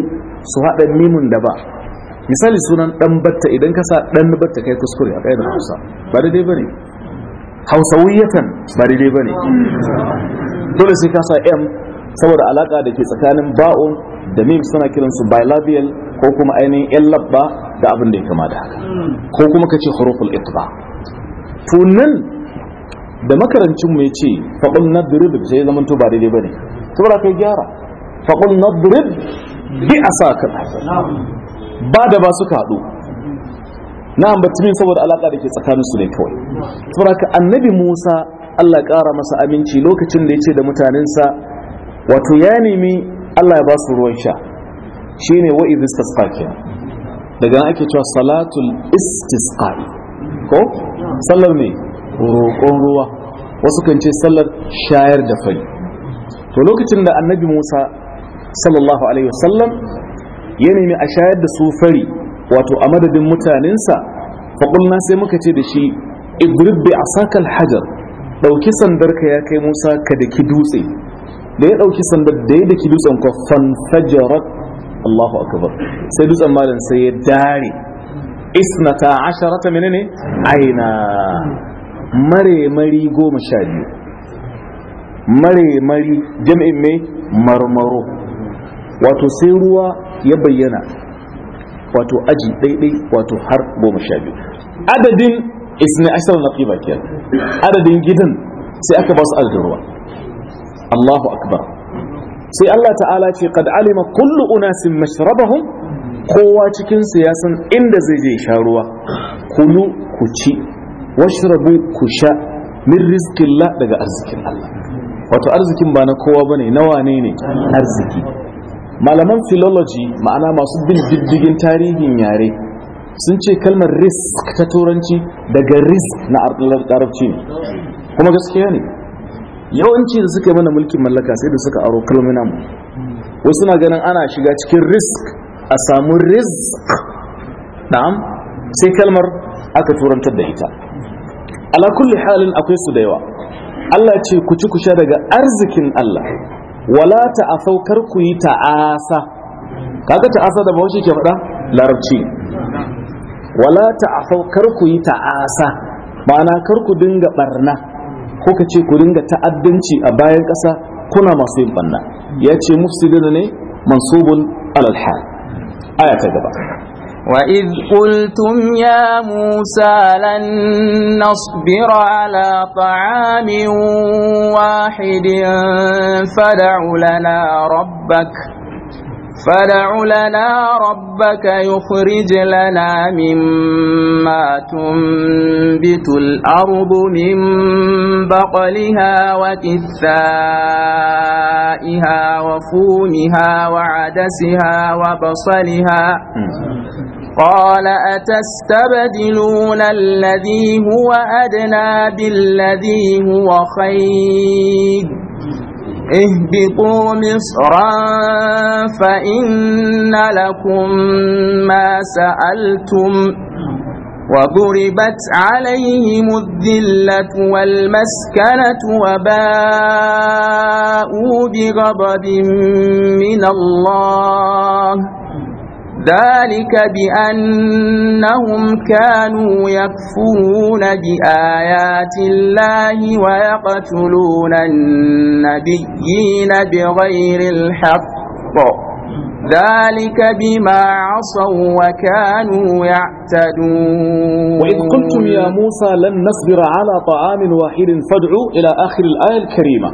su haɗa nimun da ba misali sunan dan batta idan ka sa dan batta kai kuskure a da Hausa ba daidai bane hausawiyatan ba daidai bane dole sai ka sa m saboda alaka da ke tsakanin ba'un da mim suna kiransu bilabial ko kuma ainihin yan labba da abin da ya kama da haka ko kuma ka ce huruful itba to nan da makarancin mu yace faqul nadrib sai zama to ba daidai bane saboda kai gyara faqul nadrib bi asaka ba da ba suka haɗu na ambaci min saboda alaƙa da ke tsakaninsu ne kawai saboda annabi musa allah ƙara masa aminci lokacin da ya ce da mutanensa wato ya nemi allah ya ba su ruwan sha shi ne wa izista tsakiya daga nan ake cewa salatul istisqa'i ko sallar ne roƙon ruwa wasu kan ce sallar shayar da fari to lokacin da annabi musa sallallahu alaihi wasallam ya nemi a shayar da su fari wato a madadin mutanensa faƙulna sai muka ce da shi bai bi asakal hajar ɗauki sandar ka ya kai musa ka daki dutse da ya ɗauki sandar da ya daki dutsen ka fanfajarat allahu akbar sai dutsen malam sai ya dare isnata asharata menene aina mare mari goma sha biyu mare mari jami'in mai marmaro wato sai ruwa ya bayyana wato aji ɗaiɗai wato har goma sha biyu adadin isna ashirar na kiba kiyar adadin gidan sai aka ba su adadin ruwa Allahu akbar sai Allah ta'ala ce kad alima kullu unasin mashrabahum kowa cikin su ya san inda zai je sha ruwa kulu ku ci washrabu ku sha min rizqillah daga arzikin Allah wato arzikin ba na kowa bane na wane ne arziki malaman philology ma'ana masu bin diddigin tarihin yare sun ce kalmar risk ta turanci daga risk na larabci ne kuma gaskiya ne yawanci da suka mana mulkin mallaka sai da suka aro kalminan wasu na ganin ana shiga cikin risk a samu risk na'am sai kalmar aka turantar da ita ala kulli halin akwai su da yawa Allah ce ku ci ku daga arzikin Allah wala a saukar ku yi ta'asa kaga ta'asa da bahaushe ke faɗa larabci wala a saukar ku yi ta'asa ma'ana kar ku dinga barna ko ka ce ku dinga ta'addanci a bayan ƙasa kuna masu yin barna ya ce mufsidina ne mansubun alal aya ta gaba وإذ قلتم يا موسى لن نصبر على طعام واحد فدع لنا ربك فدع لنا ربك يخرج لنا مما تنبت الأرض من بقلها وكثائها وفومها وعدسها وبصلها قال أتستبدلون الذي هو أدنى بالذي هو خير اهبطوا مصرا فإن لكم ما سألتم وضربت عليهم الذلة والمسكنة وباءوا بغضب من الله ذلك بأنهم كانوا يكفرون بآيات الله ويقتلون النبيين بغير الحق ذلك بما عصوا وكانوا يعتدون وإذ قلتم يا موسى لن نصبر على طعام واحد فادعوا إلى آخر الآية الكريمة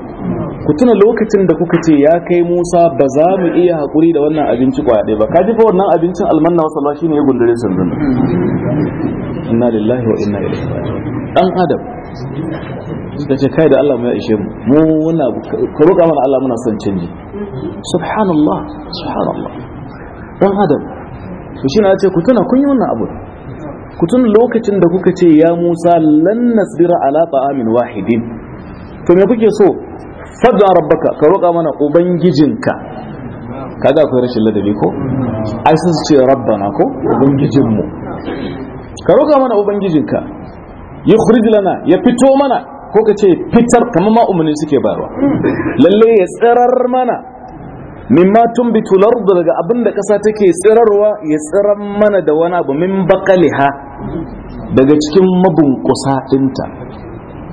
ku tuna lokacin da kuka ce ya kai Musa ba za mu iya haƙuri da wannan abinci ɗaya ba ji fa wannan abincin almanna wasu Allah shine ya gundure sanduna inna lillahi wa inna ilaihi dan adam da ce kai da Allah mu ya ishe mu mu muna ka roƙa mana Allah muna son canji subhanallah subhanallah dan adam to shi na ce ku tuna kun yi wannan abu ku tuna lokacin da kuka ce ya Musa lan nasbira ala ta'amin wahidin to me kuke so fadda rabbaka ka roƙa mana ubangijinka kaga akwai rashin ladabi ko ai sun ce rabbana ko ubangijinmu ka roƙa mana ubangijinka ya lana ya fito mana ko ka ce fitar kamar ma umarni suke bayarwa lalle ya tsirar mana mimma tumbitu larda daga abinda kasa take tsirarwa ya tsirar mana da wani abu min bakaliha daga cikin mabunkusa dinta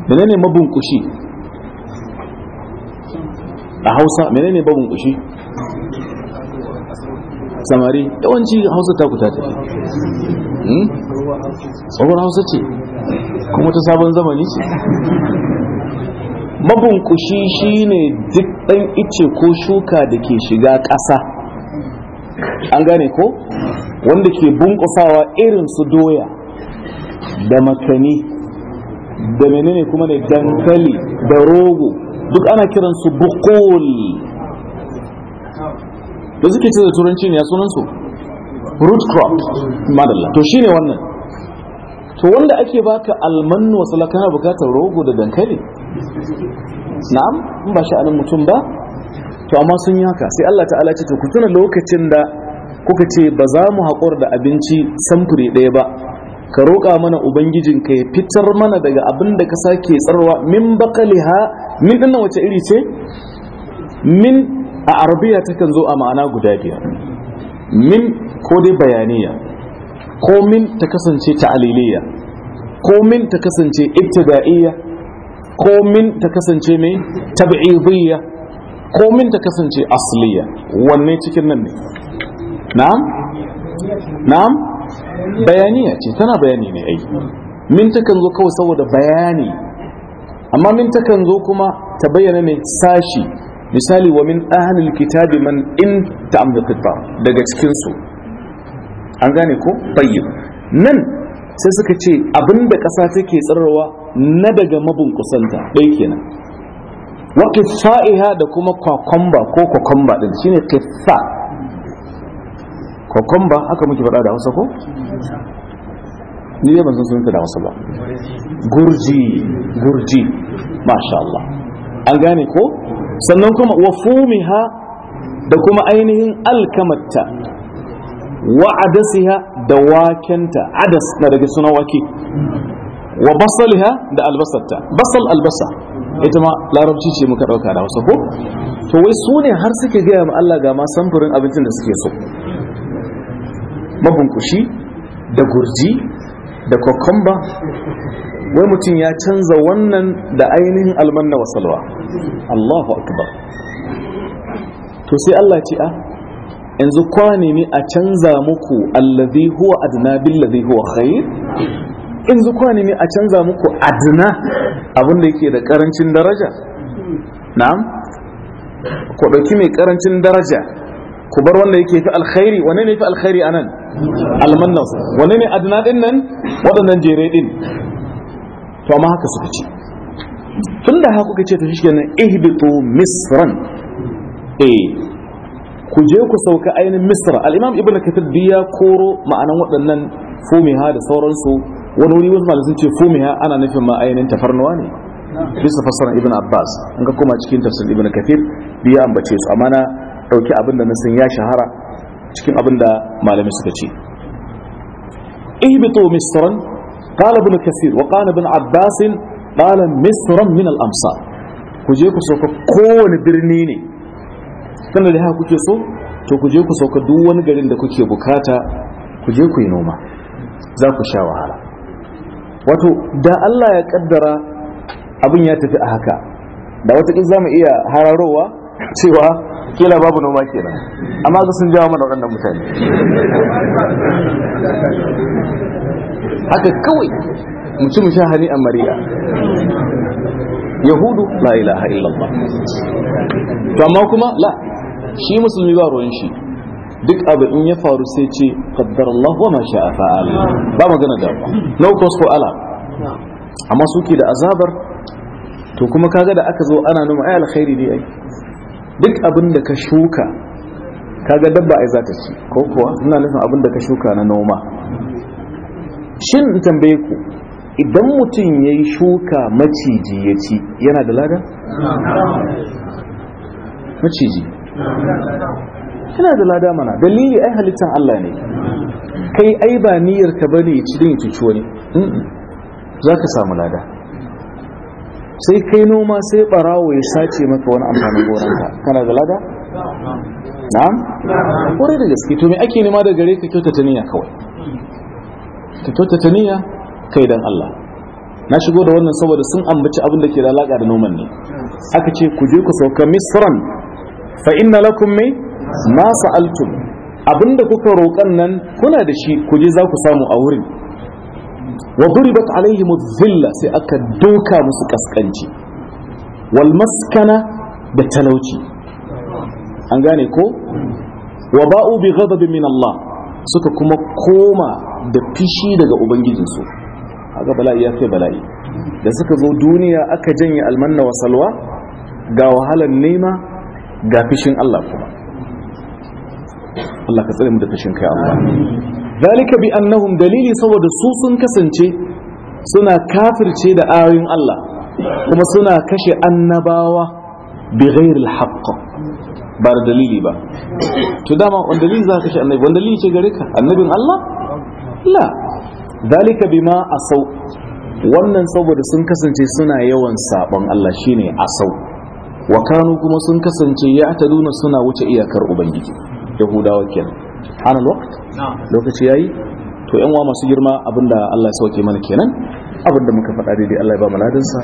menene mabunkushi a hausa menene babin kushi samari yawanci hausa ta kuta ta hmm? tsohon hausa ce kuma ta sabon zamani ce babin kushi ne duk ɗan ice ko shuka da ke shiga ƙasa an gane ko wanda ke bunkusawa irin su doya da makani da menene kuma da dankali da rogo duk ana kiransu bukul da suke ce da turanci ne ya sunansu root crop madalla to shine wannan to wanda ake baka almannu wasu kana bukatar rogo da dankali na'am in ba sha'anin mutum ba to amma sun yi haka sai Allah ta'ala ce to ku tuna lokacin da kuka ce ba za mu haƙura da abinci samfuri ɗaya ba ka roƙa mana ubangijin ka ya fitar mana daga abin da ka sake tsarwa min bakaliha min dinnan wace iri ce min a arabiya takan zo a ma'ana guda biyar min ko dai bayaniya ko min ta kasance ta'aliliya ko min ta kasance ibtida'iyya ko min ta kasance mai tab'idiyya ko min ta kasance asliya wanne cikin nan ne na'am na'am bayaniya ce tana bayani ne ai min takan zo kawai saboda bayani amma min takan zo kuma ta bayyana mai sashi misali wa min ahlil kitabi man in ta'amda fita daga cikin an gane ko bayyin nan sai suka ce abinda ƙasa take tsararwa na daga mabun kusanta ɗai kenan wa da kuma kwakwamba ko kwakwamba din shine kifa kwakwamba haka muke faɗa da Hausa ko ni ne ban san da wasu ba gurji gurji masha Allah an gane ko sannan kuma wa fumiha da kuma ainihin alkamatta wa adasiha da wakenta adas na daga suna wake wa basaliha da albasarta basal albasa ita ma larabci ce muka dauka da wasu ko to wai su har suke gaya ma Allah ga ma samfurin abincin da suke so mabunkushi da gurji da kokomba wai mutum ya canza wannan da ainihin almanna wa salwa Allahu akbar to sai Allah ce a ah, yanzu kwani ne a canza muku allazi huwa adna billazi huwa khair yanzu kwani ne a canza muku adna da yake da karancin daraja na'am Ko dauki mai karancin daraja ku bar wanda yake fi alkhairi wane ne fi alkhairi anan almannas wane ne adna din nan waɗannan jere din to amma haka suka ce tun da haka ce to shi kenan ihbitu misran eh ku je ku sauka ainihin misra al ibn Kafir biya koro ma'anan waɗannan fumiha da sauransu wani wuri wasu malamin ce fumiha ana nufin ma ainihin tafarnuwa ne bisa fassara ibn abbas an ka koma cikin tafsir ibn Kafir, biya ambace su amana ɗauki abinda na san ya shahara cikin abinda da malami suka ce ihbitu misran qala ibn kathir wa qala ibn abbas qala misran min al amsa ku je ku sauka kowane birni ne sannan da haka kuke so to ku je ku sauka duk wani garin da kuke bukata ku je ku yi noma za ku sha wahala wato da Allah ya kaddara abin ya tafi a haka da wata za mu iya hararowa cewa kila babu noma kenan amma su sun jawo mana waɗannan mutane haka kawai mutum sha hani a mariya yahudu la ilaha illallah to amma kuma la shi musulmi ba ruwan shi duk abu in ya faru sai ce qaddar Allah wa ma sha'a fa'al ba magana da ba no cause for Allah amma suke da azabar to kuma kaga da aka zo ana nuna ayal khairi ne ai duk abin da ka shuka kaga dabba ai za ta ci ko kuwa ina nufin abin da ka shuka na noma shin in tambaye ku idan mutum ya yi shuka maciji ya ci yana da lada? maciji yana da lada mana dalili ai halittar Allah ne kai ai ba niyyar ka bane ya ci don ya cuci wani za ka samu lada sai kai noma sai barawo ya sace maka wani amfanin goranka kana da lada na'am kore da gaske to me ake nema da gare ka kyautata niyya kawai ka kyautata niyya kai dan Allah na shigo da wannan saboda sun ambaci abin da ke da alaka da noman ne aka ce ku je ku sauka misran fa inna lakum mai ma sa'altum abinda kuka roƙan nan kuna da shi ku je za ku samu a wurin wa duribat alaihim zilla sai aka doka musu kaskanci wal maskana da talauci an gane ko wa ba'u bi ghadabin min Allah suka kuma koma da fishi daga ubangijinsu haka bala'i ya fi bala'i da suka zo duniya aka janye almanna wa salwa ga wahalar nema ga fishin Allah kuma Allah ka tsare mu da fishin kai Allah zalika bi annahum dalili saboda su sun kasance suna kafirce da ayoyin Allah kuma suna kashe annabawa bi ghairil haqq ba da dalili ba to dama wanda dalili za ka kashe annabi wanda dalili ce gare ka annabin Allah la zalika bima asau wannan saboda sun kasance suna yawan sabon Allah shine asau wa kanu kuma sun kasance ya ta duna suna wuce iyakar ubangiji yahudawa kenan hana lokaci yayi to yan wa masu girma abinda Allah ya sauke mana kenan abinda muka faɗa daidai Allah ya ba mu ladansa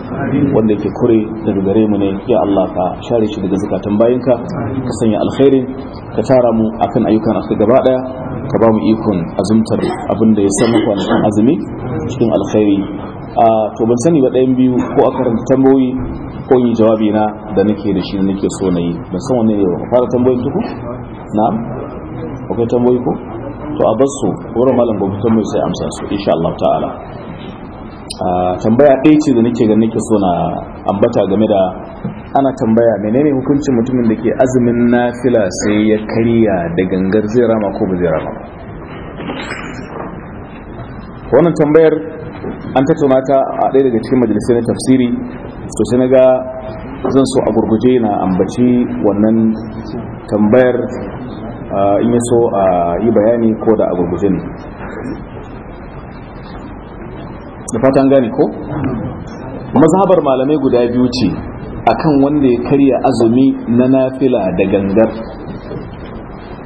wanda yake kure daga gare mu ne ya Allah ka share shi daga zakatan bayinka ka sanya alkhairi ka tara mu akan ayyukan aka gaba daya ka ba mu ikon azumtar abinda ya samu kwanakin azumi cikin alkhairi a to ban sani ba ɗayan biyu ko a karanta tambayoyi ko yi jawabi na da nake da shi nake so na yi ban san wanne ne ba fara tambayoyin tuku na'am akwai tamboyi ko to a basu wurin malam gobe tamboyi sai amsa su insha Allah ta'ala tambaya ɗaya ce da nake ga nake so na ambata game da ana tambaya menene hukuncin mutumin da ke azumin nafila sai ya karya da gangar zai rama ko ba zai rama wannan tambayar an tattauna ta a ɗaya daga cikin majalisai na tafsiri to sai na ga zan so a gurguje na ambaci wannan tambayar in ya so a yi bayani ko da a ne da fatan gane ko mazhabar malamai guda biyu ce akan wanda ya karya azumi na nafila da gangar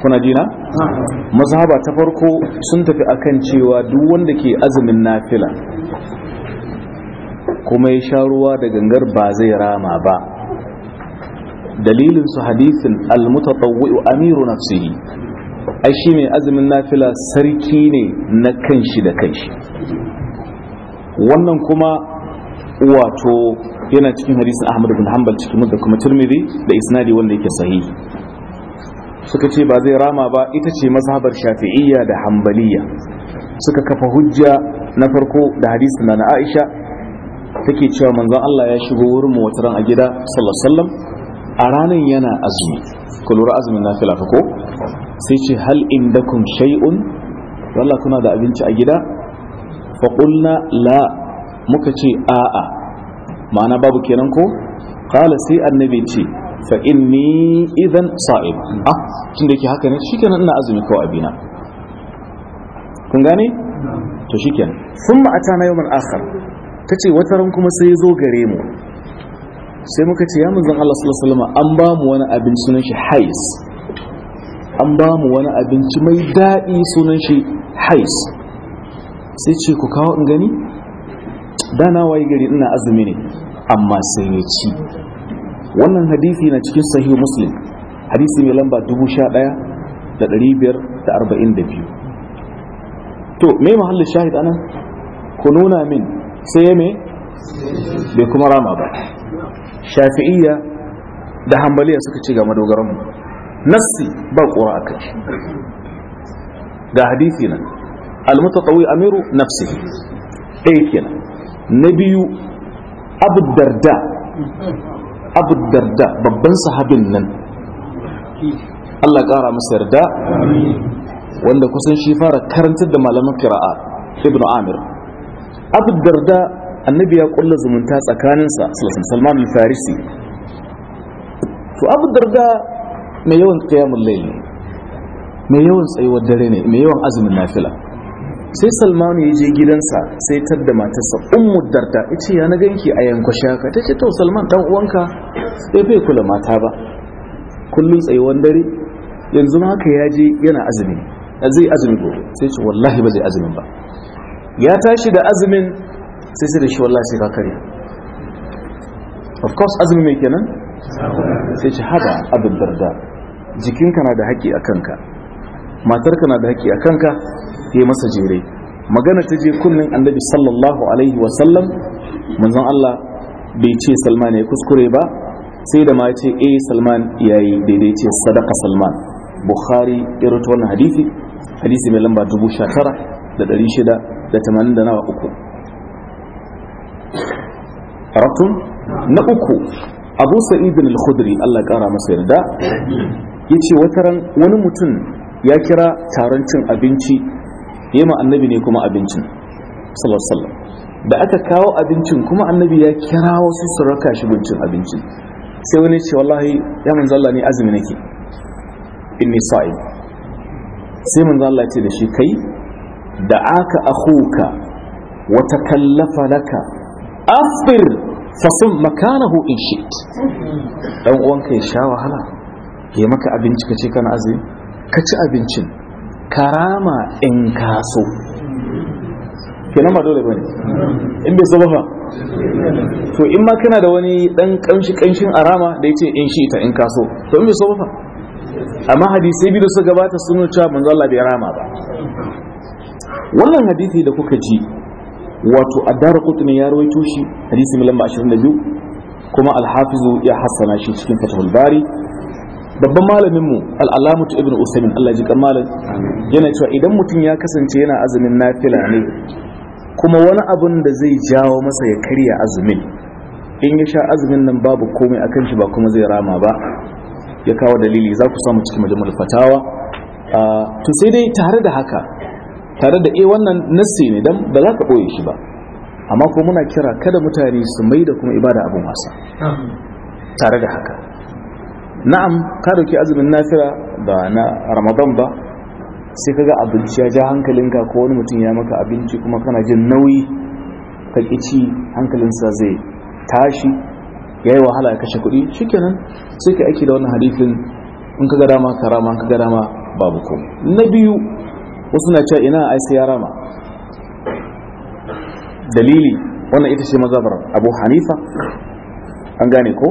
kuna jina mazhaba ta farko sun tafi akan cewa duk wanda ke azumin nafila kuma ya sha ruwa da gangar ba zai rama ba dalilin su hadisin almutatawwi'u amiru nafsihi ai shi mai azumin nafila sarki ne na kanshi da kanshi wannan kuma wato yana cikin hadisin Ahmad bin Hanbal cikin da kuma Tirmidhi da isnadi wanda yake sahih suka ce ba zai rama ba ita ce mazhabar Shafi'iyya da Hanbaliyya suka kafa hujja na farko da hadisin na Aisha take cewa manzon Allah ya shigo wurin mu wataran a gida sallallahu alaihi wasallam a ranar yana azumi ku azumin na filafa ko sai ce hal indakum shay'un walla kuna da abinci a gida fa qulna la muka ce a'a ma'ana babu kenan ko qala sai annabi ce fa inni idan sa'im ah tunda ke haka ne shikenan ina azumi kawai abina kun gane to Sun shikenan thumma atana yawman akhar tace wataran kuma sai zo gare mu sai muka ce ya manzon Allah sallallahu alaihi wasallam an ba mu wani abinci sunan shi hais an ba mu wani abinci mai daɗi sunan shi hais sai ce ku kawo in gani Da na waye gari ina azumi ne amma sai ya ci wannan hadisi na cikin sahih muslim hadisi mai lamba 11542 to me mahallin shahid anan ku nuna min sai ya me bai kuma rama ba shafi'iyya da hambaliya suka ce ga madogaranmu nassi ba ƙura a kai ga hadithi nan almutatawi amiru nafsi ɗaya kenan na biyu abu darda abu darda babban sahabin nan Allah ƙara masa yarda wanda kusan shi fara karantar da malaman kira'a ibn amir abu darda annabi ya kulla zumunta tsakaninsa salman al-farisi to abu darda mai yawan qiyamul layl mai yawan tsayuwar dare ne mai yawan azumin nafila sai salmanu ya je gidansa sai da matarsa ummu darda yace ya na ganki a yankwashe haka tace to salman dan uwanka sai bai kula mata ba kullun tsayuwar dare yanzu haka ya je yana azumi zai azumi gobe sai ce wallahi ba zai azumin ba ya tashi da azumin sai sai da shi wallahi sai ka kare. of course azumi mai kenan sai ci hada abin darda jikinka na da haƙƙi a kanka matarka na da haƙƙi a kanka ya masa jere magana ta je kunnen annabi sallallahu alaihi wasallam manzon Allah bai ce salman ya kuskure ba sai da ma ya ce eh salman ya yi daidai ce sadaka salman bukhari irin wannan hadisi hadisi mai lamba 19,680 عرفتم نأكو أبو سعيد الخدري الله قارى مسير دا يتي wani mutum ya kira taron cin abinci yema annabi ne kuma abincin sallallahu da aka kawo abincin kuma annabi ya kira wasu su raka shi bincin abinci sai wani ce wallahi ya manzo Allah ne azumi nake inni sa'im sai manzo Allah ya ce da shi kai da aka akhuka wa takallafa laka afir fasun makanahu in shit dan uwanka ya sha wahala ya maka abinci ka ce kana azumi ka ci abincin karama in kaso. kenan ba dole bane in bai so ba fa to in ma kana da wani dan kanshi kanshin arama da yace in shi ita in kaso. to in bai so ba fa amma hadisi biyu da suka gabata sunu cewa manzo Allah bai rama ba wannan hadisi da kuka ji wato dara kutumi ya rawaito shi hadisi da 22 kuma alhafizu ya hassana shi cikin fatahul bari babban malamin mu al'alamatu ibn usaimin allah ji kan malam yana cewa idan mutum ya kasance yana azumin nafila ne kuma wani abun da zai jawo masa ya karya azumin in ya sha azumin nan babu komai akan shi ba kuma zai rama ba ya kawo dalili za ku samu cikin majalisar fatawa ah, to sai dai tare da haka tare da a eh, wannan nassi ne dan ba za ka ɓoye shi ba amma ko muna kira kada mutane su mai da kuma ibada abin wasa tare da haka na'am ka dauki azumin nafira ba na ramadan ba sai ka ga abinci ya ja hankalinka ko wani mutum ya maka abinci kuma kana jin nauyi ka kici hankalinsa zai tashi ya yi wahala ya kashe kuɗi shikenan sai ka aiki da wannan hadifin in ka ga dama karama in ga dama babu komai na biyu wasu na cewa ina ai sai ya rama dalili wannan ita ce mazhabar Abu Hanifa an gane ko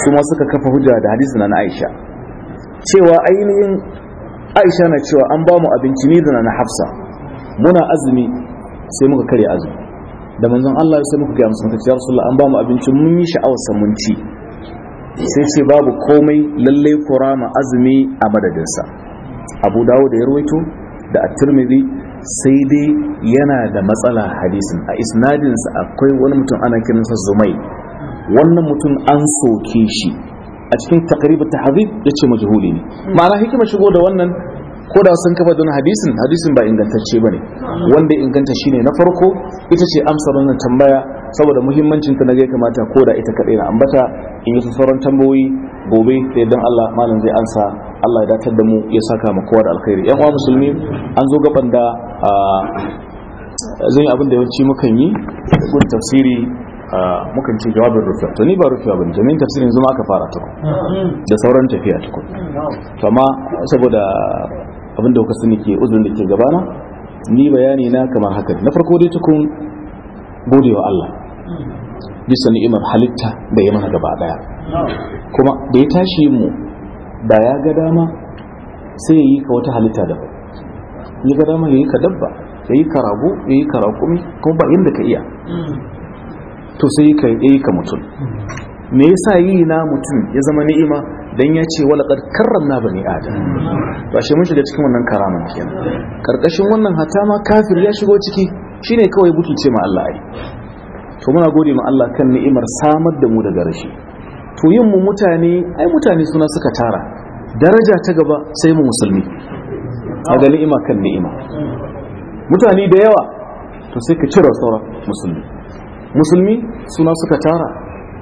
su ma suka kafa hujja da hadisi na Aisha cewa ainihin Aisha na cewa an ba mu abinci ni da na Hafsa muna azumi sai muka kare azumi da manzon Allah sai muka ga musu ya Rasulullah an ba mu abinci mun yi sha'awa mun ci sai ce babu komai lalle kurama azumi a madadinsa abu dawo da ya ruwaito da a tirmidhi sai dai yana da matsala hadisin a isnadinsa akwai wani mutum ana kiransa zumai wannan mutum an soke shi a cikin takribu tahdhib ce majhuli ne ma'ana hikima shigo da wannan ko da sun kafa don hadisin hadisin ba ingantacce ne. wanda inganta shine na farko ita ce amsa wannan tambaya saboda muhimmancin ta na ya kamata ko da ita kadai na ambata in yi sauran tambayoyi gobe da Allah malam zai ansa Allah ya datar da mu ya saka mu kowa da alkhairi yan uwa musulmi an zo gaban da zan yi abin da yawanci mukan yi gudun tafsiri mukan ce jawabin rufiya to ni ba rufiya bane jami'in tafsirin zuma aka fara tukun da sauran tafiya tukun to amma saboda abin da kuka sani ke uzurin da ke gabana ni bayani na kamar haka na farko dai tukun godewa Allah bisa ni'imar halitta da ya mana gaba daya kuma da ya tashi mu da ya ga dama sai ya yi ka wata halitta da ba ya ga dama ya yi ka dabba ya yi ka rago ya yi ka raƙumi kuma ba inda ka iya to sai ya yi ka mutum me yasa yi na mutum ya zama ni'ima dan ya ce wala qad karramna bani adam to ashe mun shiga cikin wannan karaman kenan karkashin wannan hata ma kafir ya shigo ciki shine kawai butulce ma Allah ai to muna gode ma Allah kan ni'imar samar da mu daga rashi to yin mu mutane ai mutane suna suka tara daraja ta gaba sai mu musulmi a ni'ima kan ni'ima mutane da yawa to sai ka cire sauran musulmi musulmi suna suka tara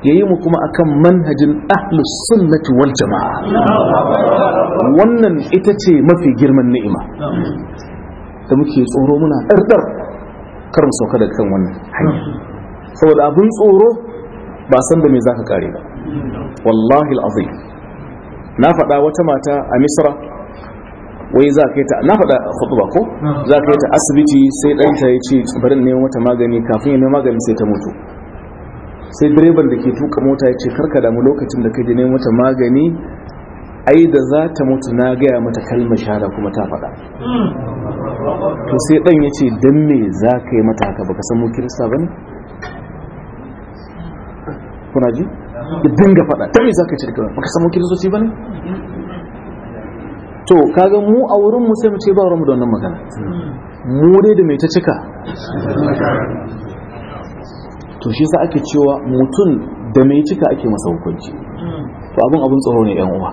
yayi mu kuma akan manhajin ahlus sunnati wal jama'a wannan ita ce mafi girman ni'ima da muke tsoro muna ɗarɗar karin sauka daga kan wannan hanyar, saboda abin tsoro ba san da me zaka kare ba wallahi al'azim na faɗa wata mata a misra wai za ka yi ta na faɗa ba ko za ka yi ta asibiti sai ɗanta ya ce barin neman wata magani kafin ya neman magani sai ta mutu sai direban da ke tuka mota ya ce karka damu lokacin da ka je neman mata magani ai da za ta mutu na gaya mata kalmar shahada kuma ta faɗa to sai ɗan ya ce don me za ka yi mata haka baka san mu kirista ba kuna ji ya dinga faɗa ta me za ka cirka baka samu kiristoci ba ne to kaga mu a wurin mu sai mu ce ba wurin mu da wannan magana mu dai da mai ta cika to shi sa ake cewa mutum da mai cika ake masa hukunci to abin abin tsoro ne yan uwa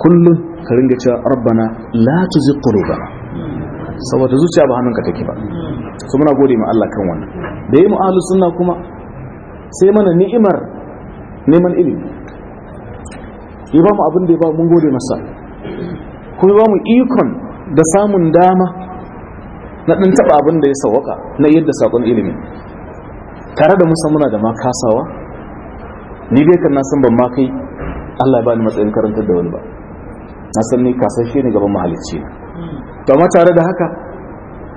kullum ka ringa cewa arbana la tuzigh qulubana saboda zuciya ba hannunka take ba so muna gode ma Allah kan wannan da yi mu ahlus sunna kuma sai mana ni'imar neman ilimi ya ba mu abin da ya ba mun gode masa kuma ba mu ikon da samun dama na ɗan taɓa abin da ya sawaka na yadda saƙon ilimin tare da musa muna da ma kasawa ni dai kan nasan ban ma kai Allah ya bani matsayin karantar da wani ba na san ni shi ne gaban mahalicci ne to amma tare da haka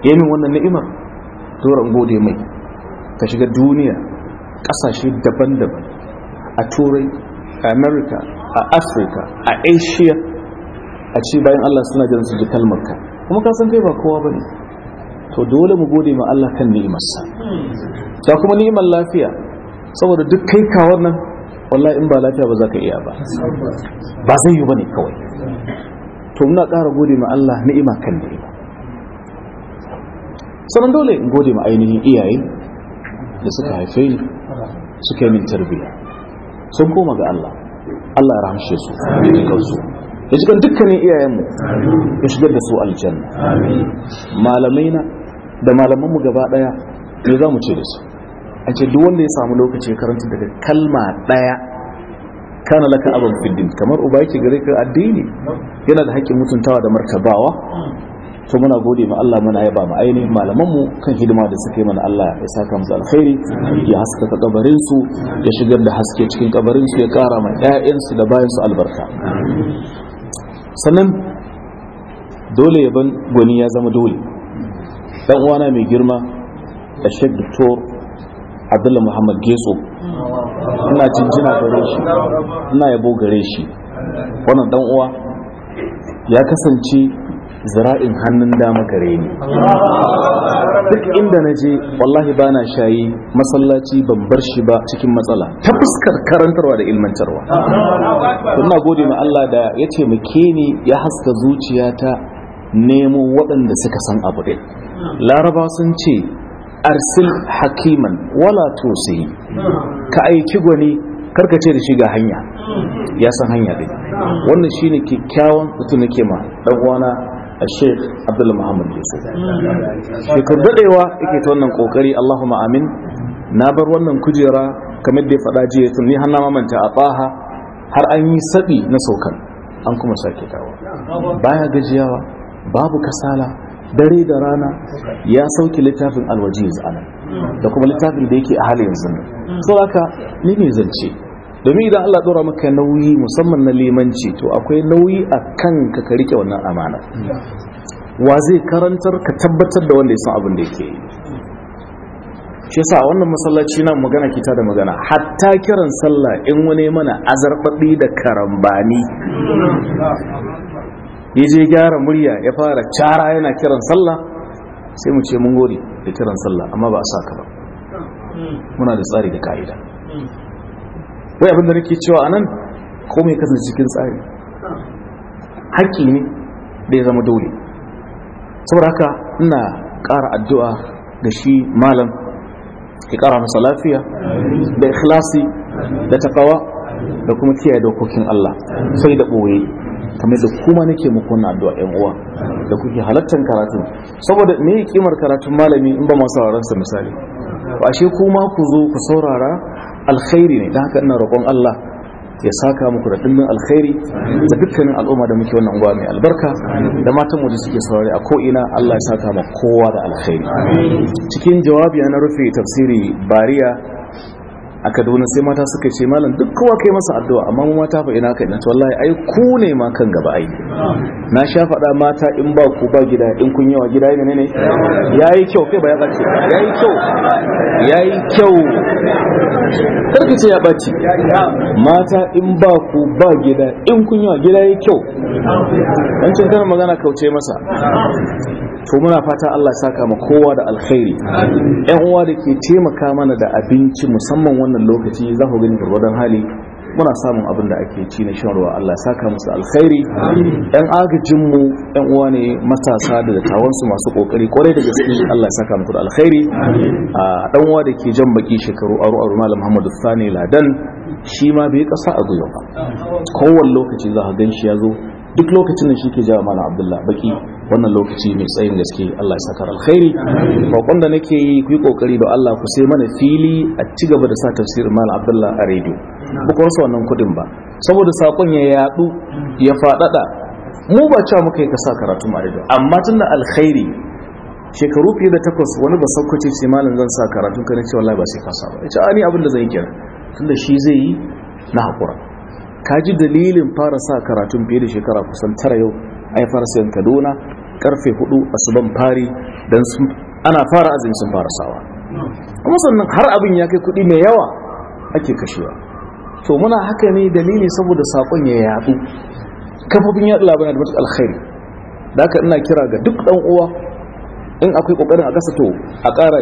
yayin wannan ni'imar ran gode mai ka shiga duniya kasashe daban-daban a turai a america a africa a asia a ce bayan allah suna jiran su ji kalmar ka kuma ka san kai ba kowa ba ne to dole mu gode ma allah kan ni'imarsa ta kuma ni'imar lafiya saboda duk kai kawar nan wallahi in ba lafiya ba za ka iya ba ba zai yi ba ne kawai to muna ƙara gode ma allah ni'ima kan ni'ima sannan dole in gode ma ainihin iyaye da suka haife ni suka yi min tarbiyya sun koma ga Allah Allah ya rahamshe su dukansu ya cikin dukkanin iyayenmu ya shigar da su aljanna malamai na da malamanmu gaba daya me za mu ce da su a ce duk wanda ya samu lokaci ya karanta daga kalma daya kana laka abin fiddin kamar uba yake gare ka addini yana da haƙƙin mutuntawa da martabawa to muna gode ma Allah muna yaba ma ainihin malaman mu kan hidima da suka yi mana Allah ya saka musu alkhairi ya haskaka kabarin su ya shigar da haske cikin kabarin su ya kara ma ƴaƴan su da bayan su albarka sannan dole ya ban gwani ya zama dole dan uwana mai girma a shek doktor abdullah muhammad geso ina jinjina gare shi ina yabo gare shi wannan dan uwa ya kasance zira'in hannun dama gare ni duk inda na je wallahi bana shayi masallaci ban bar shi ba cikin matsala ta fuskar karantarwa da ilmantarwa ina gode ma Allah da ya ce muke ni ya haska zuciyata nemo waɗanda suka san abu din laraba sun ce arsil hakiman wala tusi ka aiki gwani karka ce da shi ga hanya ya san hanya din wannan shine kyakkyawan mutum nake ma dan uwana a sheikh abdullah muhammad yusuf shekar daɗewa yake ta wannan ƙoƙari allahumma amin na bar wannan kujera kamar da ya faɗa jiya tun ni hannama manta a tsaha har an yi saɓi na saukan an kuma sake dawo baya gajiyawa babu kasala dare da rana ya sauke littafin alwajiz anan da kuma littafin da yake a halin yanzu saboda haka ni ne zance domin idan Allah dora maka nauyi musamman na limanci to akwai nauyi a kan ka rike wannan amana wa zai karantar ka tabbatar da wanda ya san abin da yake yi shi yasa wannan masallaci na magana kita da magana hatta kiran sallah in wani mana azarbaɗi da karambani ya je gyara murya ya fara cara yana kiran sallah sai mu ce mun gode da kiran sallah amma ba a sa ka ba muna da tsari da ka'ida wai abin nake cewa anan komai kasance cikin tsari haƙƙi ne da ya zama dole saboda haka ina ƙara addu'a da shi malam ya ƙara masa lafiya da ikhlasi da taƙawa, da kuma kiyaye dokokin Allah sai da ɓoye kamar da kuma nake muku na addu'a 'yan uwa da kuke halattar karatu saboda me ƙimar karatun malami in ba masu sauraron misali ba shi kuma ku zo ku saurara alkhairi ne don haka ina roƙon Allah ya saka muku da dimbin alkhairi da dukkanin al'umma da muke wannan unguwa mai albarka da matan waje suke saurari a ko'ina Allah ya saka ma kowa da alkhairi cikin jawabi na rufe tafsiri bariya a kaduna sai mata suka ce malam duk kowa kai masa addu'a amma mu mata fa ina kai nace wallahi ai ku ne ma kan gaba ai na sha faɗa mata in ba ku ba gida in kun yawa gida ne ne yayi kyau kai ba ya bace yayi kyau yayi kyau karki ce ya bace mata in ba ku ba gida in kun yawa gida yayi kyau dan cin kana magana kauce masa to muna fata Allah saka ma kowa da alkhairi yan uwa da ke taimaka mana da abinci musamman wannan lokaci za ku gani gurbadan hali muna samun abin da ake ci na shan ruwa Allah saka musu alkhairi yan agajinmu yan uwa ne matasa da dattawansu masu kokari kwarai da gaske Allah saka muku da alkhairi a dan uwa da ke jan baki shekaru aro aro malam Muhammadu Sani Ladan shi ma bai kasa a guyo ba kowanne lokaci za ka gan shi ya zo duk lokacin da shi ke jawa malam abdullah baki wannan lokaci mai tsayin gaske allah ya sakar alkhairi bakon da nake yi ku yi kokari da allah ku sai mana fili a ci gaba da sa tafsirin malam abdullah a rediyo ba ku rasa wannan kudin ba saboda sakon ya yadu ya faɗaɗa mu ba cewa muka yi ka sa karatu a rediyo amma tun da alkhairi shekaru fiye da takwas wani ba sakwace ce malam zan sa karatu ka na ce wallahi ba sai ka sa ba Ita ani abin da zan yi kenan tunda shi zai yi na haƙura ka ji dalilin fara sa karatun fiye da shekara kusan tara yau A yi fara sayan kaduna karfe hudu asuban fari don ana fara azumi sun fara sawa kuma sannan har abin ya kai kuɗi mai yawa ake kashewa to muna haka ne dalili saboda sakon ya yadu kafofin yaɗa labarai da matuƙa alkhairi da aka ina kira ga duk ɗan uwa in akwai ƙoƙarin a gasa to a ƙara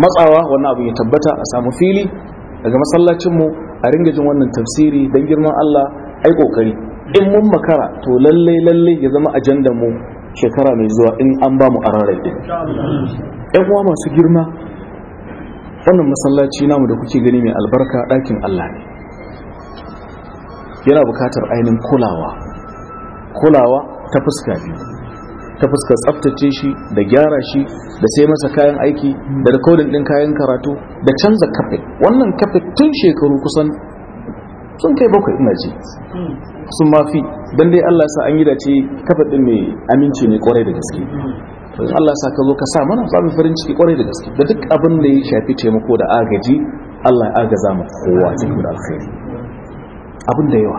matsawa wannan abu ya tabbata a samu fili daga masallacinmu a ringa jin wannan tafsiri don girman Allah ai kokari in mun makara to lalle lalle ya zama ajandar mu shekara mai zuwa in an ba mu arara din ƴan uwa masu girma wannan masallaci namu da kuke gani mai albarka ɗakin Allah ne yana bukatar ainihin kulawa kulawa ta fuska biyu ta fuskar tsaftace shi da gyara shi da sai masa kayan aiki da rikodin ɗin kayan karatu da canza kafe wannan kafe tun shekaru kusan sun kai bakwai ina ce sun mafi don dai Allah sa an yi da ce kafe ɗin mai aminci ne kwarai da gaske Allah sa ka zo ka sa mana samun farin ciki kwarai da gaske da duk abin da ya shafi taimako da agaji Allah ya agaza mu kowa cikin alkhairi abin da yawa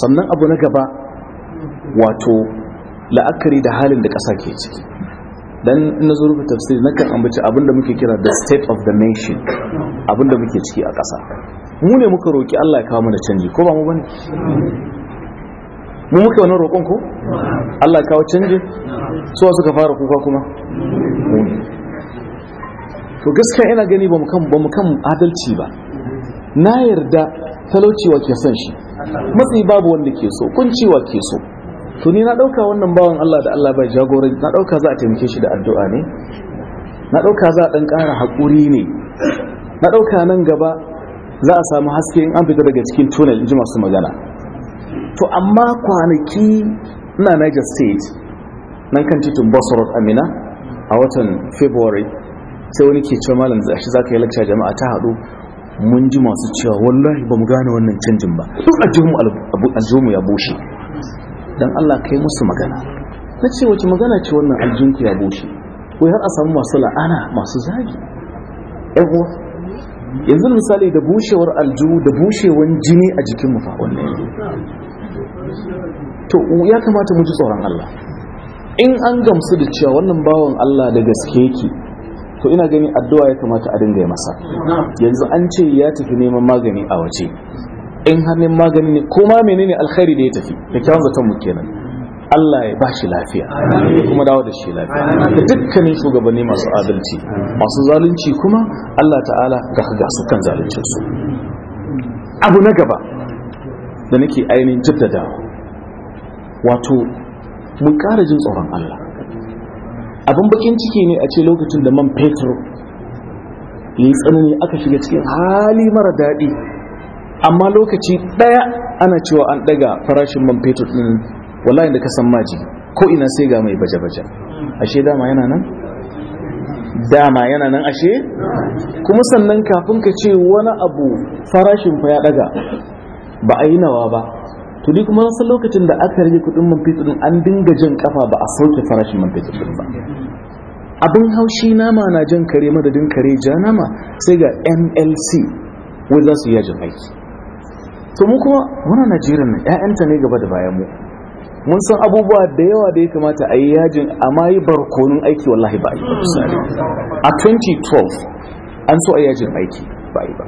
sannan abu na gaba wato la'akari da halin da ƙasa ke ciki dan ina zo rubuta tafsiri kan ambaci abinda muke kira the state of the nation abinda muke ciki a ƙasa mu ne muka roki Allah ya kawo mana canji ko ba mu bane mu muke wannan roƙon ko Allah ya kawo canji so suka fara kuka kuma mu ne to gaskiya ina gani ba mu kan ba mu kan adalci ba na yarda talauci wa ke son shi matsayi babu wanda ke so kunciwa ke so to ni na dauka wannan bawan Allah da Allah bai jagoranci na dauka za a taimake shi da addu'a ne na dauka za a dan kara hakuri ne na dauka nan gaba za a samu haske in an fita daga cikin tunnel in ji masu magana to amma kwanaki ina Niger State nan kan titin Basra Amina a watan February sai wani ke cewa malam za zaka yi lecture jama'a ta hadu mun ji masu cewa wallahi ba mu gane wannan canjin ba duk aljihun ya bushe dan Allah kai musu magana na ce wace magana ce wannan aljinku ya bushe wai har a samu masu la'ana masu zagi yan yanzu misali da bushewar aljihu da bushewar jini a jikin mu fa wannan to ya kamata mu ji tsoron Allah in an gamsu da cewa wannan bawan Allah da gaske yake to ina gani addu'a ya kamata a dinga yi masa yanzu an ce ya tafi neman magani a waje in hannun magani ne ko ma menene alkhairi da ya tafi da kyawun zaton mu kenan Allah ya ba shi lafiya kuma dawo da shi lafiya da dukkanin shugabanni masu adalci masu zalunci kuma Allah ta'ala ga ga su kan zaluncinsu abu na gaba da nake ainihin jaddadawa wato mun ƙara jin tsoron Allah abin bakin ciki ne a ce lokacin da man fetur ya yi tsanani aka shiga cikin hali mara daɗi amma lokaci ɗaya ana cewa an ɗaga farashin man fetur ɗin wallahi da ka san maji ko ina sai ga mai baje-baje ashe dama yana nan dama yana nan ashe kuma sannan kafin ka ce wani abu farashin fa ya ɗaga ba a yi nawa ba to duk kuma san lokacin da aka rage kuɗin man fetur ɗin an dinga jan kafa ba a sauke farashin man fetur ɗin ba abin haushi nama na jan kare madadin kare ja nama sai ga mlc wanda za su yi aiki su mu kuma muna najeriya nan 'ya'yanta ne gaba da bayan mu mun san abubuwa da yawa da ya kamata a yi yajin amma yi barkonin aiki wallahi ba a yi a 2012 an so a yajin aiki ba yi ba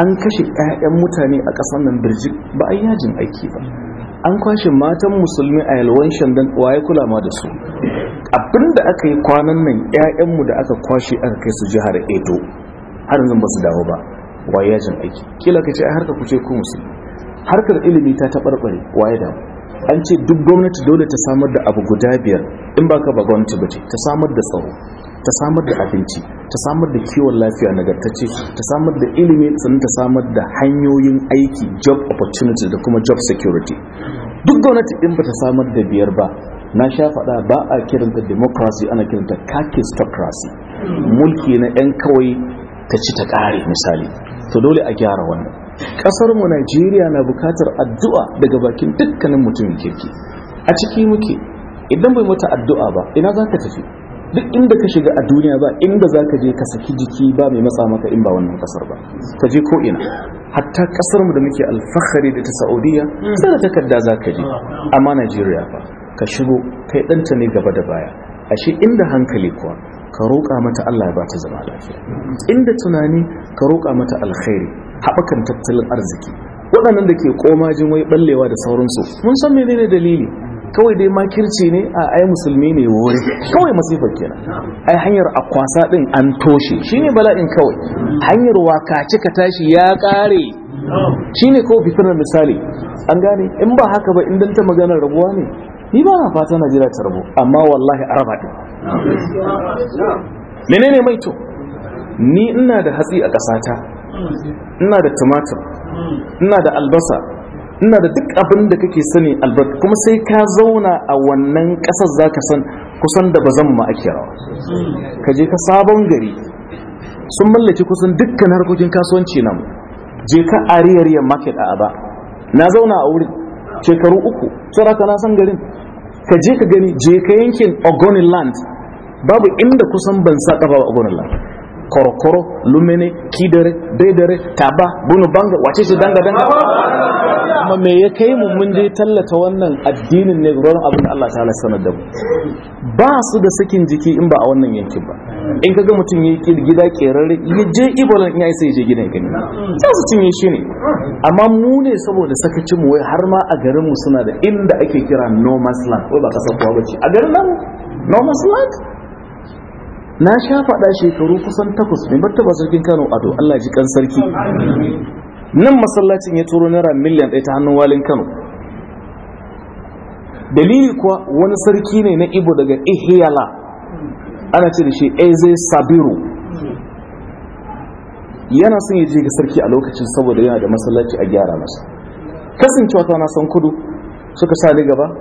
an kashe 'ya'yan mutane a ƙasar nan birjik ba a yajin aiki ba an kwashe matan musulmi a yalwan shandan waye kula ma da su abinda aka yi kwanan nan 'ya'yanmu da aka kwashe aka kai su jihar edo har yanzu ba su dawo ba Wa yajin aiki kila ka ce a harka kuce ku musulmi harkar ilimi ta taɓarɓare waye da an ce duk gwamnati dole ta samar da abu guda biyar in baka ba gwamnati ba ce ta samar da tsaro ta samar da abinci ta samar da kiwon lafiya nagartacce ta samar da ilimi sannan ta samar da hanyoyin aiki job opportunity da kuma job security duk gwamnati in ba ta samar da biyar ba na sha faɗa ba a kiranta democracy ana kiranta kakistocracy hmm. mulki na 'yan kawai ta ci ta ƙare misali to dole a gyara wannan kasar mu Najeriya na bukatar addu'a daga bakin dukkanin mutumin kirki a ciki muke idan bai mata addu'a ba ina za ka tafi duk inda ka shiga a duniya ba inda za ka je ka saki jiki ba mai matsa maka in ba wannan kasar ba ka je ko ina hatta kasar mu da muke alfahari da ta Saudiya sai da takarda za ka je amma Najeriya ba ka shigo kai danta ne gaba da baya ashe inda hankali kuwa ka roƙa mata Allah ya ba ta zama lafiya inda tunani ka roƙa mata alkhairi haɓakan tattalin arziki waɗannan da ke koma jin wai ɓallewa da sauransu mun san menene dalili kawai dai makirci ne a ai musulmi ne wuri kawai masifar kenan ai hanyar akwasa ɗin an toshe Shi ne bala'in kawai hanyar waka cika tashi ya ƙare. Shi ne kawai fitinar misali an gane in ba haka ba in ta maganar rabuwa ne ni ba na fata na jira ta rabu amma wallahi araba ɗin. menene mai to ni ina da hatsi a ƙasata ina da tumatir ina da albasa ina da duk abin da kake sani albarka kuma sai ka zauna a wannan ƙasar za ka san kusan da ba zan ake rawa ka je ka sabon gari sun mallaki kusan dukkan harkokin kasuwanci nan je ka ariyariyar market a aba na zauna a wurin shekaru uku tsara na san garin ka je ka gani je ka yankin ogoniland babu inda kusan ban sa kafa ba ogoniland korokoro lumene kidare bedare taba bunu banga wace ce danga danga kuma me ya kai mu mun je tallata wannan addinin ne gurin abin da Allah ta'ala sanar da mu ba su da sakin jiki in ba a wannan yankin ba in kaga mutum yayi gida kerare ya je ibolan in ya sai ya je gidan gani sai su cinye shi ne amma mu ne saboda sakacin mu wai har ma a garin mu suna da inda ake kira no land wai ba kasar kuwa bace a garin nan no na sha faɗa shekaru kusan takwas mai ba sarkin kano a ado allah ji kan sarki nan masallacin ya turo naira miliyan ɗaya ta hannun walin kano dalili kuwa wani sarki ne na ibo daga ihiyala ana ce da shi eze sabiru yana son ya je ga sarki a lokacin saboda yana da masallaci a gyara masa kasancewa ta na san kudu suka sa ni gaba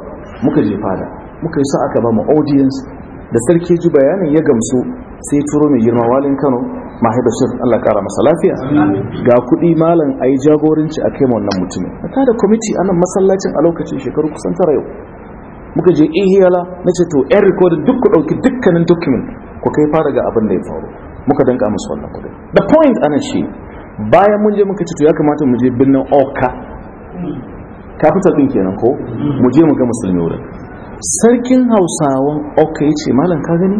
muka je fada muka yi sa'a ka ba mu da sarki ji bayanin ya gamsu sai turo mai girma walin kano mahaibashir allah kara masa lafiya ga kuɗi malam a yi jagoranci a kai wannan mutumin a tada kwamiti a nan masallacin a lokacin shekaru kusan tara yau muka je ihiyala eh, na ce to yan rikodin duk ku ɗauki dukkanin document ku kai fara ga abin da ya faru muka danka musu wannan kuɗin the point ana shi bayan mun je muka ce to ya kamata mu je birnin oka kafin ɗin kenan ko mu je mu ga musulmi wurin sarkin hausawan ok ce malam ka gani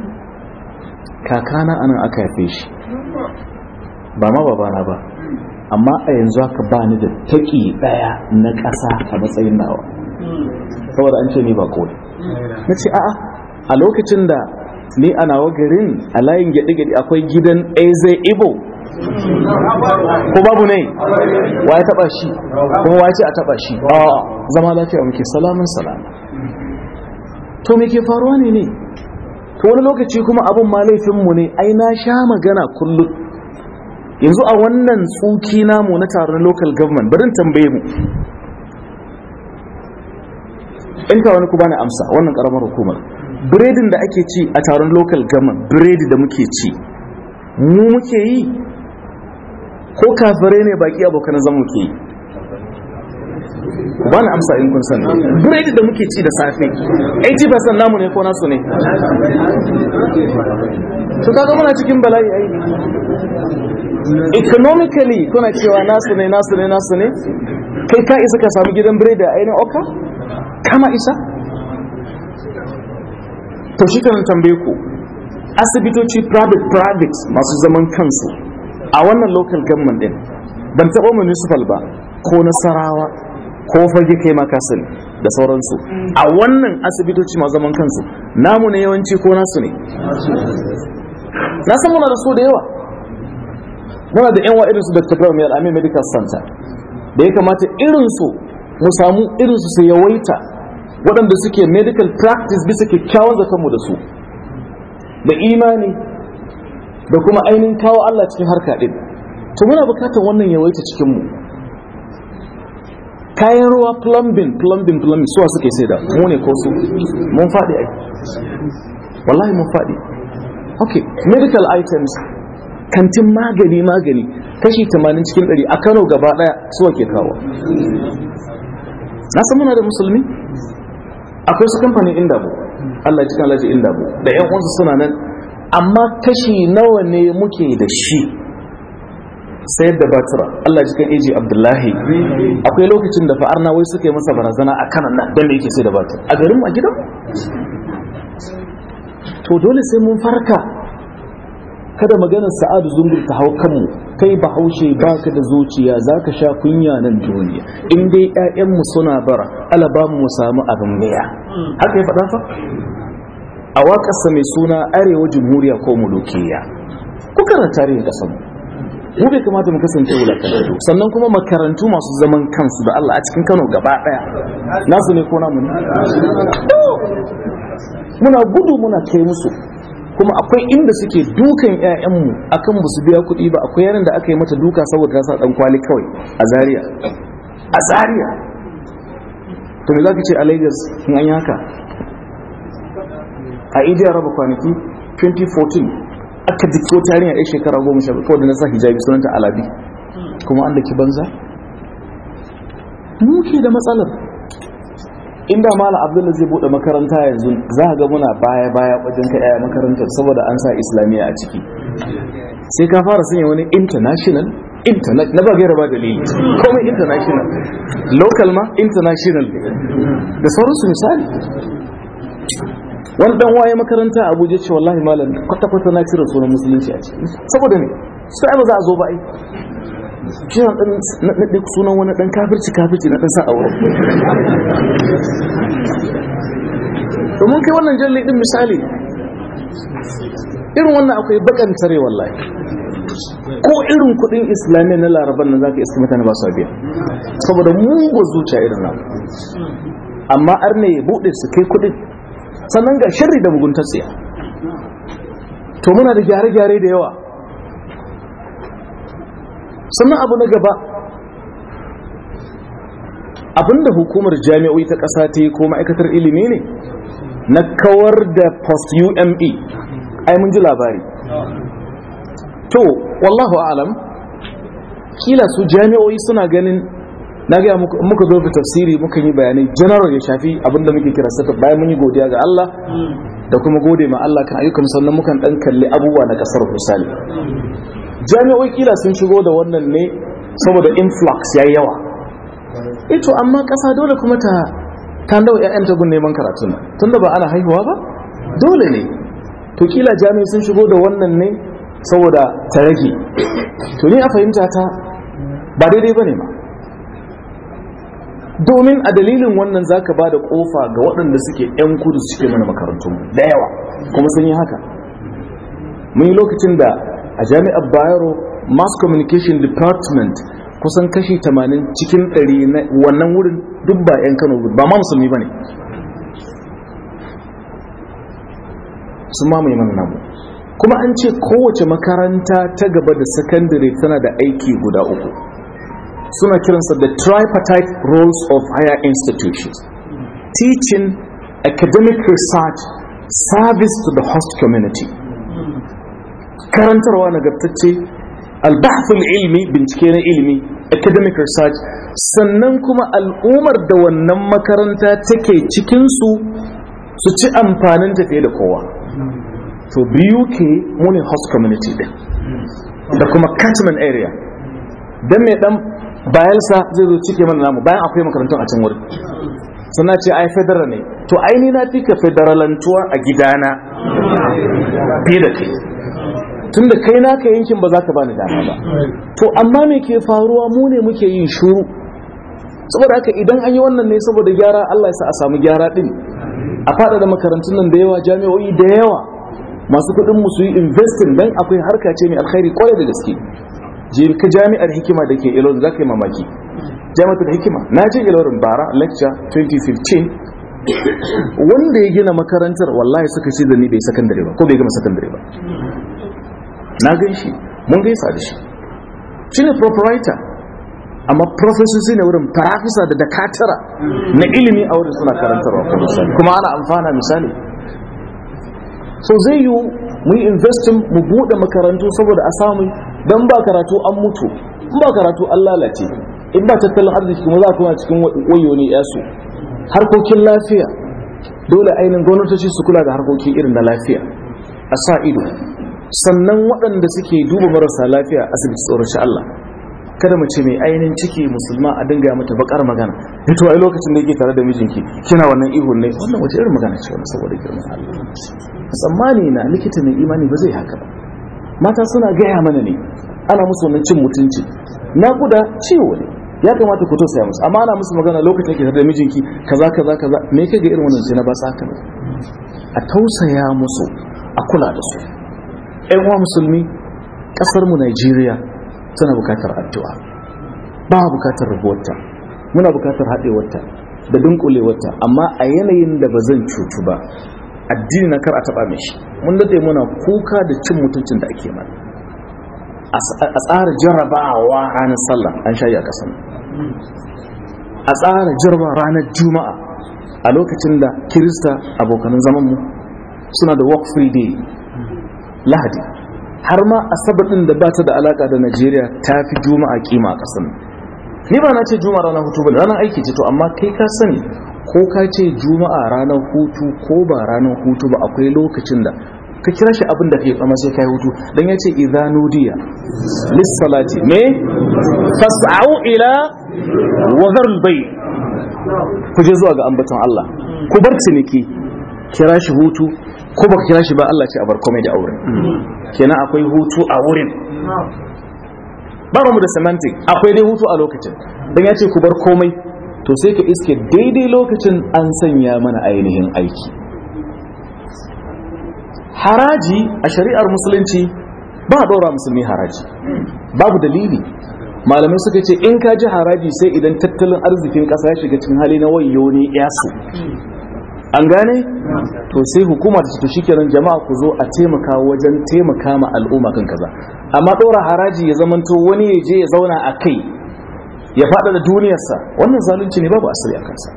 kakana anan aka yafe shi ba ma babana ba amma a yanzu haka ba ni da taƙi ɗaya na ƙasa a matsayin nawa saboda an ce ni ba kowai na ce a'a a lokacin da ni a nawa garin a layin gyaɗe-gyaɗe akwai gidan eze ibo ko babu ne wa ya taɓa shi kuma wa ce a taɓa shi zama lafiya muke salamun salama to me ke faruwa ne ne to wani lokaci kuma abun ma laifinmu ne ai na sha magana kullum yanzu a wannan tsuki namu na taron local government barin tambaye mu in ka wani ku bani amsa wannan karamar hukumar biredin da ake ci a taron local government biredi da muke ci mu muke yi ko kafare ne baki abokan zama muke yi ku bani amsa in kun san biredi da muke ci da safe 80% namu ne ko nasu ne to kaga muna cikin bala'i ai economically kuna cewa nasu ne nasu ne nasu ne kai ka isa ka samu gidan biredi a ainihin oka kama isa to shi kanan tambaye ku asibitoci private private masu zaman kansu a wannan local government din ban taɓa municipal ba ko nasarawa ko fage kai makasin da sauransu a wannan asibitoci masu zaman kansu namu ne yawanci ko nasu ne na san muna da su da yawa muna da yan irinsu da tafiya mai al'amin medical center da ya kamata irinsu mu samu irinsu su yawaita waɗanda suke medical practice bisa kyakkyawan zatonmu da su da imani da kuma ainihin kawo Allah cikin harka ɗin to muna bukatar wannan yawaita cikinmu kayan ruwa plumbing plumbing plumbing suwa suke sai da mu ne ko su mun faɗi ai wallahi mun faɗi Okay, medical items kantin magani magani kashi 80 cikin 100 a kano gaba daya suwa ke kawo na san muna da musulmi akwai su kamfanin bu Allah ya cikin Allah inda bu da yan uwansu suna nan amma kashi nawa ne muke da shi sayar da batura, Allah ji kan eji abdullahi akwai lokacin da fa'arna wai suka yi masa barazana a kanan nan don da yake sai da batura, a garin a gidan to dole sai mun farka kada maganar sa'adu zungur ta hau kanmu kai bahaushe ka da zuciya za ka sha kunya nan duniya in dai ƴaƴanmu suna bara ala mu samu abin gaya haka ya faɗa a waƙarsa mai suna arewa jamhuriya ko mulukiya ku karanta tarihin ƙasar mu mu bai kamata mu kasance wulakantattu sannan kuma makarantu masu zaman kansu da Allah a cikin Kano gaba daya nasu ne ko namu muna gudu muna kai musu kuma akwai inda suke dukan ƴaƴanmu akan musu biya kuɗi ba akwai yaran da aka yi mata duka saboda ta sa dan kwali kawai a Zariya. a Zaria to me zaka ce a Lagos in an yi haka a India raba kwanaki 2014 aka jiki tarihi a shekara goma sha kawai da na sa hijabi sunanta alabi kuma an da banza muke da matsalar inda Malam abdulla zai bude makaranta yanzu za ga muna baya baya wajen ka yaya makarantar saboda an sa islamiyya a ciki sai ka fara sanya wani international na ba gaira ba dalili komai international local ma international da sauransu misali wani dan waye makaranta a Abuja ce wallahi malam kwata kwata na cire sunan musulunci a ciki saboda ne sai ba za a zo ba ai kiran dan na sunan wani dan kafirci kafirci na dan sa aure domin kai wannan jalli din misali irin wannan akwai bakan tare wallahi ko irin kudin islamiyya na laraban nan zaka iska mutane ba su biya saboda mugu zuciya irin nan amma arne ya bude su kai kudin sannan ga shirri da bugun tatsiya to muna da gyare-gyare da yawa sannan abu na gaba abinda hukumar jami'o'i ta ƙasa ta yi ko ma'aikatar ilimi ne na kawar da post ume ai mun ji labari to wallahu alam kila su jami'o'i suna ganin na gaya muka zo tafsiri muka yi bayanai general ya shafi abinda muke kira Sifir bayan mun yi godiya ga Allah da kuma gode ma Allah kan ayyukan sannan mukan dan kalli abubuwa na kasar misali jami'o'i kila sun shigo da wannan ne saboda influx ya yi yawa ito eh amma kasa dole kuma ta ta dawo ƴaƴan ta gun neman karatun tunda ba ana haihuwa ba dole ne to kila jami'o'i sun shigo da wannan ne saboda ta rage to ni a fahimta ta ba daidai bane ma domin a dalilin wannan za ka ba da kofa ga waɗanda suke 'yan kudu suke mana makarantu da yawa kuma sun yi haka mun yi lokacin da a jami'ar bayero mass communication department kusan kashi 80 cikin 100 na wannan wurin duk ba 'yan kano ba ma musulmi ba ne sun mai mana namu kuma an ce kowace makaranta ta gaba da sakandare tana da aiki guda uku suna kiransa the tripartite roles of higher institutions teaching academic research service to the host community karantarwa nagartacce albahful ilmi bincike na ilimi academic research sannan kuma al'ummar da wannan makaranta take cikinsu su ci amfanin tafiye da kowa to biyu ke muni host community din da kuma catchment area don mai dan bayansa zai zo cike mana namu bayan akwai makarantun a can wurin suna ce ai federal ne to ai ni na fi ka federalantuwa a gidana fi da kai tun da kai naka yankin ba za ka bani dama ba to amma me ke faruwa mu ne muke yin shuru saboda haka idan an yi wannan ne saboda gyara Allah ya sa a samu gyara din a fada da makarantun nan da yawa jami'o'i da yawa masu kuɗin mu su yi investing dan akwai harka ce mai alkhairi kwarai da gaske je ka jami'ar hikima da ke ilorin za ka yi mamaki jami'ar hikima na je ilorin bara lecture 2015 wanda ya gina makarantar wallahi suka ce da ni bai sakandare ba ko bai gama sakandare ba na gan shi mun sa da shi shi ne proprietor amma profesoci ne wurin farafisa da dakatara na ilimi a wurin suna karantarwa kuma ana amfana misali so zai yi mu yi investin mu buɗe makarantu saboda a samu don ba karatu an mutu in ba karatu an lalace in ba tattalin arziki kuma za kuma cikin wayo yasu harkokin lafiya dole ainihin gwamnatoci su kula da harkokin irin na lafiya a sa ido sannan waɗanda suke duba marasa lafiya asibiti shi Allah kada mu ce mai ainihin ciki musulma a dinga mata bakar magana to ai lokacin da yake tare da mijinki kina wannan ihu ne wannan wace irin magana ce wannan saboda girman Allah tsammani na likita mai imani ba zai haka ba mata suna gaya mana ne ana musu wannan cin mutunci Na kuda ciwo ne ya kamata ku tausaya musu amma ana musu magana lokacin ke da mijinki kaza kaza kaza me kai ga irin wannan sai na ba sa ka a tausaya musu a kula da su ƴan uwa musulmi ƙasar mu Najeriya tana bukatar addu'a ba bukatar rubuta muna bukatar haɗewarta da dunkulewarta amma a yanayin da ba zan cutu ba addini na kar a taba mishi mun dade muna kuka da cin mutuncin da ake mana a tsara jarrabawa ranar sallah an shayi a kasan a tsara jarraba ranar juma'a a lokacin da kirista abokanan mu suna da work free day lahadi har ma asabar din da ba ta da alaka da najeriya ta fi juma'a kima a kasan ni ba na ce juma'a ranar hutu ba ranar aiki ce to amma kai ka sani ko ka ce juma'a ranar hutu ko ba ranar hutu ba akwai lokacin da ka kira shi abin da ka yi kama sai ka yi hutu don ya ce izanudiya lissalati ne fas'au ila wazar bai ku je zuwa ga ambaton Allah ku bar ciniki kira shi hutu ko ba kira shi ba Allah ce a bar komai da auren kenan akwai hutu a wurin ba mu da semantic akwai dai hutu a lokacin don ya ce ku bar komai to sai ka iske daidai lokacin an sanya mana ainihin aiki haraji a shari'ar musulunci ba a ɗora musulmi haraji babu dalili malamai suka ce in ka ji haraji sai idan tattalin arzikin ƙasa ya shiga cikin hali na wayo ne yasu an gane to sai hukuma ta to shikenan jama'a ku zo a taimaka wajen taimaka ma al'umma kan kaza amma ɗora haraji ya zamanto wani ya je ya zauna a kai ya fada da duniyarsa wannan zalunci ne babu asali a kansa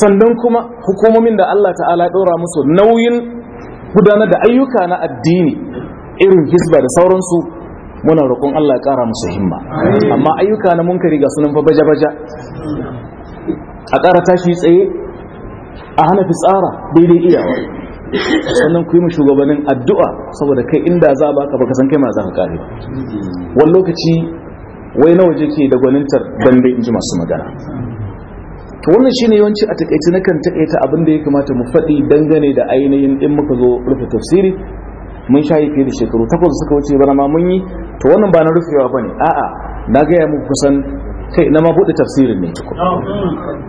sannan kuma hukumomin da Allah ta'ala ya ɗora musu nauyin gudanar da ayyuka na addini irin hisba da sauransu muna roƙon Allah ya ƙara musu himma amma ayyuka na munkari ga sunan baja-baja a ƙara tashi tsaye a hana fi tsara, daidai iyawa sannan ku yi mu shugabannin addu'a saboda kai inda za ba ka baka san kai ma za ka kare wani lokaci wai na waje ke da gwanintar dambe in ji masu magana to wannan shine yawanci a takaice na kan takaita abin da ya kamata mu faɗi dangane da ainihin in muka zo rufe tafsiri mun sha yi da shekaru takwas suka wuce bana ma mun yi to wannan ba na rufewa bane a'a na gaya muku kusan kai na ma buɗe tafsirin ne tukun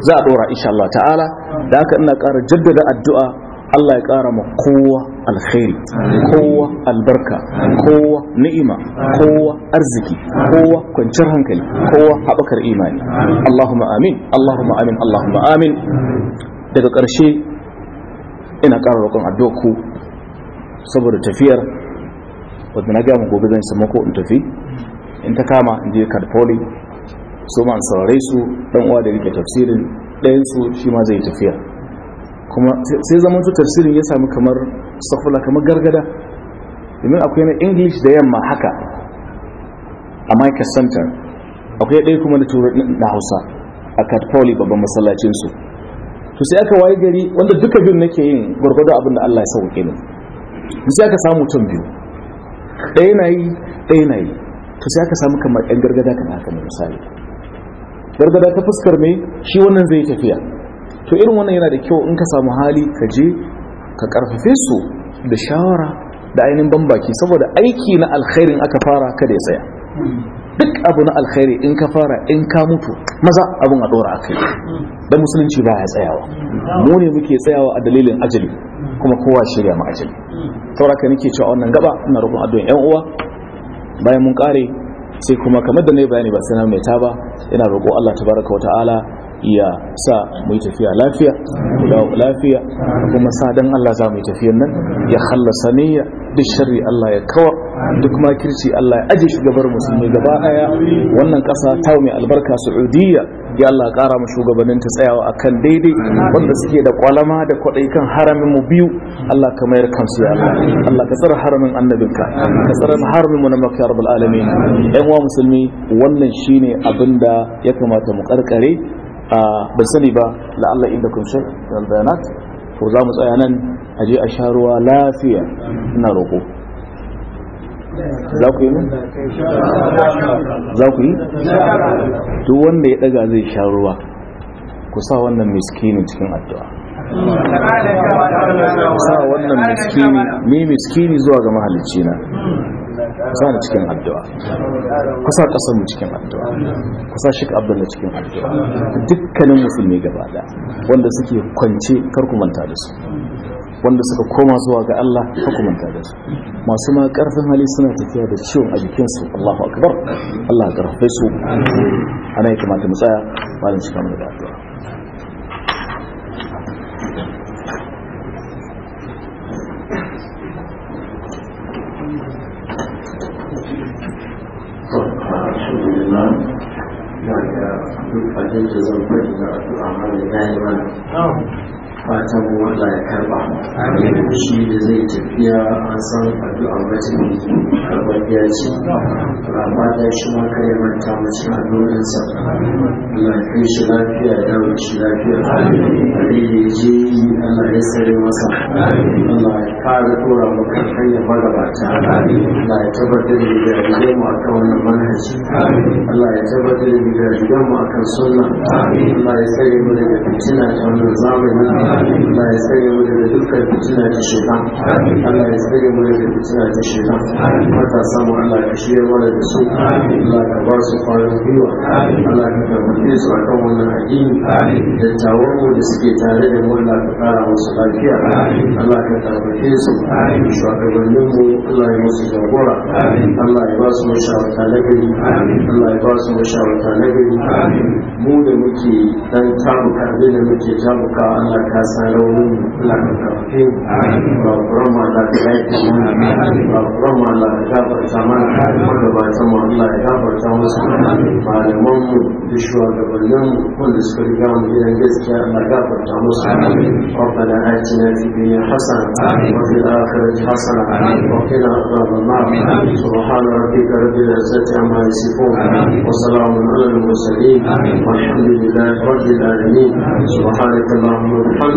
za a ɗora insha Allah ta'ala da haka ina ƙara jaddada addu'a Allah ya ƙara ma kowa alkhairi kowa albarka kowa ni'ima kowa arziki kowa kwanciyar hankali kowa haɓakar imani Allahumma amin Allahumma amin Allahumma amin daga ƙarshe ina ƙara roƙon addu'a ku saboda tafiyar wadda na gama gobe zan samu ko in tafi in ta kama in je karfoli su ma saurare su dan uwa da rike tafsirin ɗayan su shi ma zai tafiya kuma sai zama su tafsirin ya sami kamar safula kamar gargada domin akwai na english da yamma haka a Michael center akwai ɗaya kuma na hausa a katpoli babban masallacinsu to sai aka waye gari wanda duka biyun nake yin gwargwado abin da allah ya sauke ne sai aka samu tun biyu ɗaya na yi ɗaya na yi to sai aka samu kamar ɗan gargada kan haka misali gargada ta fuskar me shi wannan zai tafiya to irin wannan yana da kyau in ka samu hali ka je ka karfafe su da shawara da ainihin banbaki saboda aiki na alkhairin aka fara kada ya tsaya duk abu na alkhairi in ka fara in ka mutu maza abin a dora kai. dan musulunci ba ya tsayawa mu ne muke tsayawa a dalilin ajali kuma kowa shirya mu ajali ka nake cewa wannan gaba ina roƙon addu'an yan uwa bayan mun kare sai kuma kamar da na yi bayani ba sai mai ta ba ina roƙo Allah tabaraka wa ta'ala ya sa mu tafiya lafiya dawo lafiya kuma sa dan Allah za mu yi tafiyan nan ya khallasa niyya duk sharri Allah ya kawa duk makirci Allah ya aje shugabar musulmi gaba daya wannan kasa ta mai albarka Saudiya ya Allah kara mu shugabannin ta tsayawa akan daidai wanda suke da kwalama da kwadai kan haramin mu biyu Allah ka mayar kansu ya Allah Allah ka tsara haramin annabinka ka tsara haramin mu na makka rabbul alamin musulmi wannan shine abinda ya kamata mu karkare a ban sani ba la'alla inda kun sai da bayanat to za mu tsaya nan a je a sha ruwa lafiya ina roƙo za ku yi za ku yi duk wanda ya daga zai sha ruwa ku sa wannan miskini cikin addu'a ku sa wannan miskini ni miskini zuwa ga mahalicci na Kusa ni cikin addu'a kusa kasan kasar mu cikin addu'a kusa shi abdulla cikin addu'a dukkanin musulmi gaba da wanda suke kwance kar ku manta da su wanda suka koma zuwa ga Allah kar ku manta da su masu ma karfin hali suna tafiya da ciwon a jikin su Allahu akbar Allah ya karfe su ana kamata mu tsaya malam shi kamar da addu'a abin da zan faɗi na addu'a mana ya fatan Allah ya karba shi da zai tafiya an san addu'a mace ne karbar ya ce rama da shi ma kare manta mace a dolinsa Allah ya kai shi lafiya ya dawo shi lafiya Ali ya je Allah ya tsare masa Allah ya fara tura maka hanyar magabata Allah ya tabbatar da ya rige mu akan wannan manhaji Allah ya tabbatar da ya rige mu akan sunna Allah ya tsare mu daga fitina ta wannan zamani Allah ya tsare mu daga dukkan fitina ta shaitan Allah ya tsare mu daga fitina ta shaitan mata samu Allah ya shirya mana da su Allah ka ba su kwanan gwiwa Allah ka tabbace su a kan addini dattawan mu da suke tare da mu Allah ka kara musu lafiya Allah ka tabbace mu Allah ya ya muke dan tabuka abin يسألون لك التوفيق اللهم لا تلاقينا اللهم لا تكافر كمان وكما يسمى الله يكافر كمان معلمون بشوى قبلهم كل سكريان إلى جزك لا كافر كمان ربنا آتنا في الدنيا حسنة وفي الآخرة حسنة وقنا عذاب النار سبحان ربك رب العزة عما يصفون وسلام على المرسلين والحمد لله رب العالمين سبحانك اللهم وبحمدك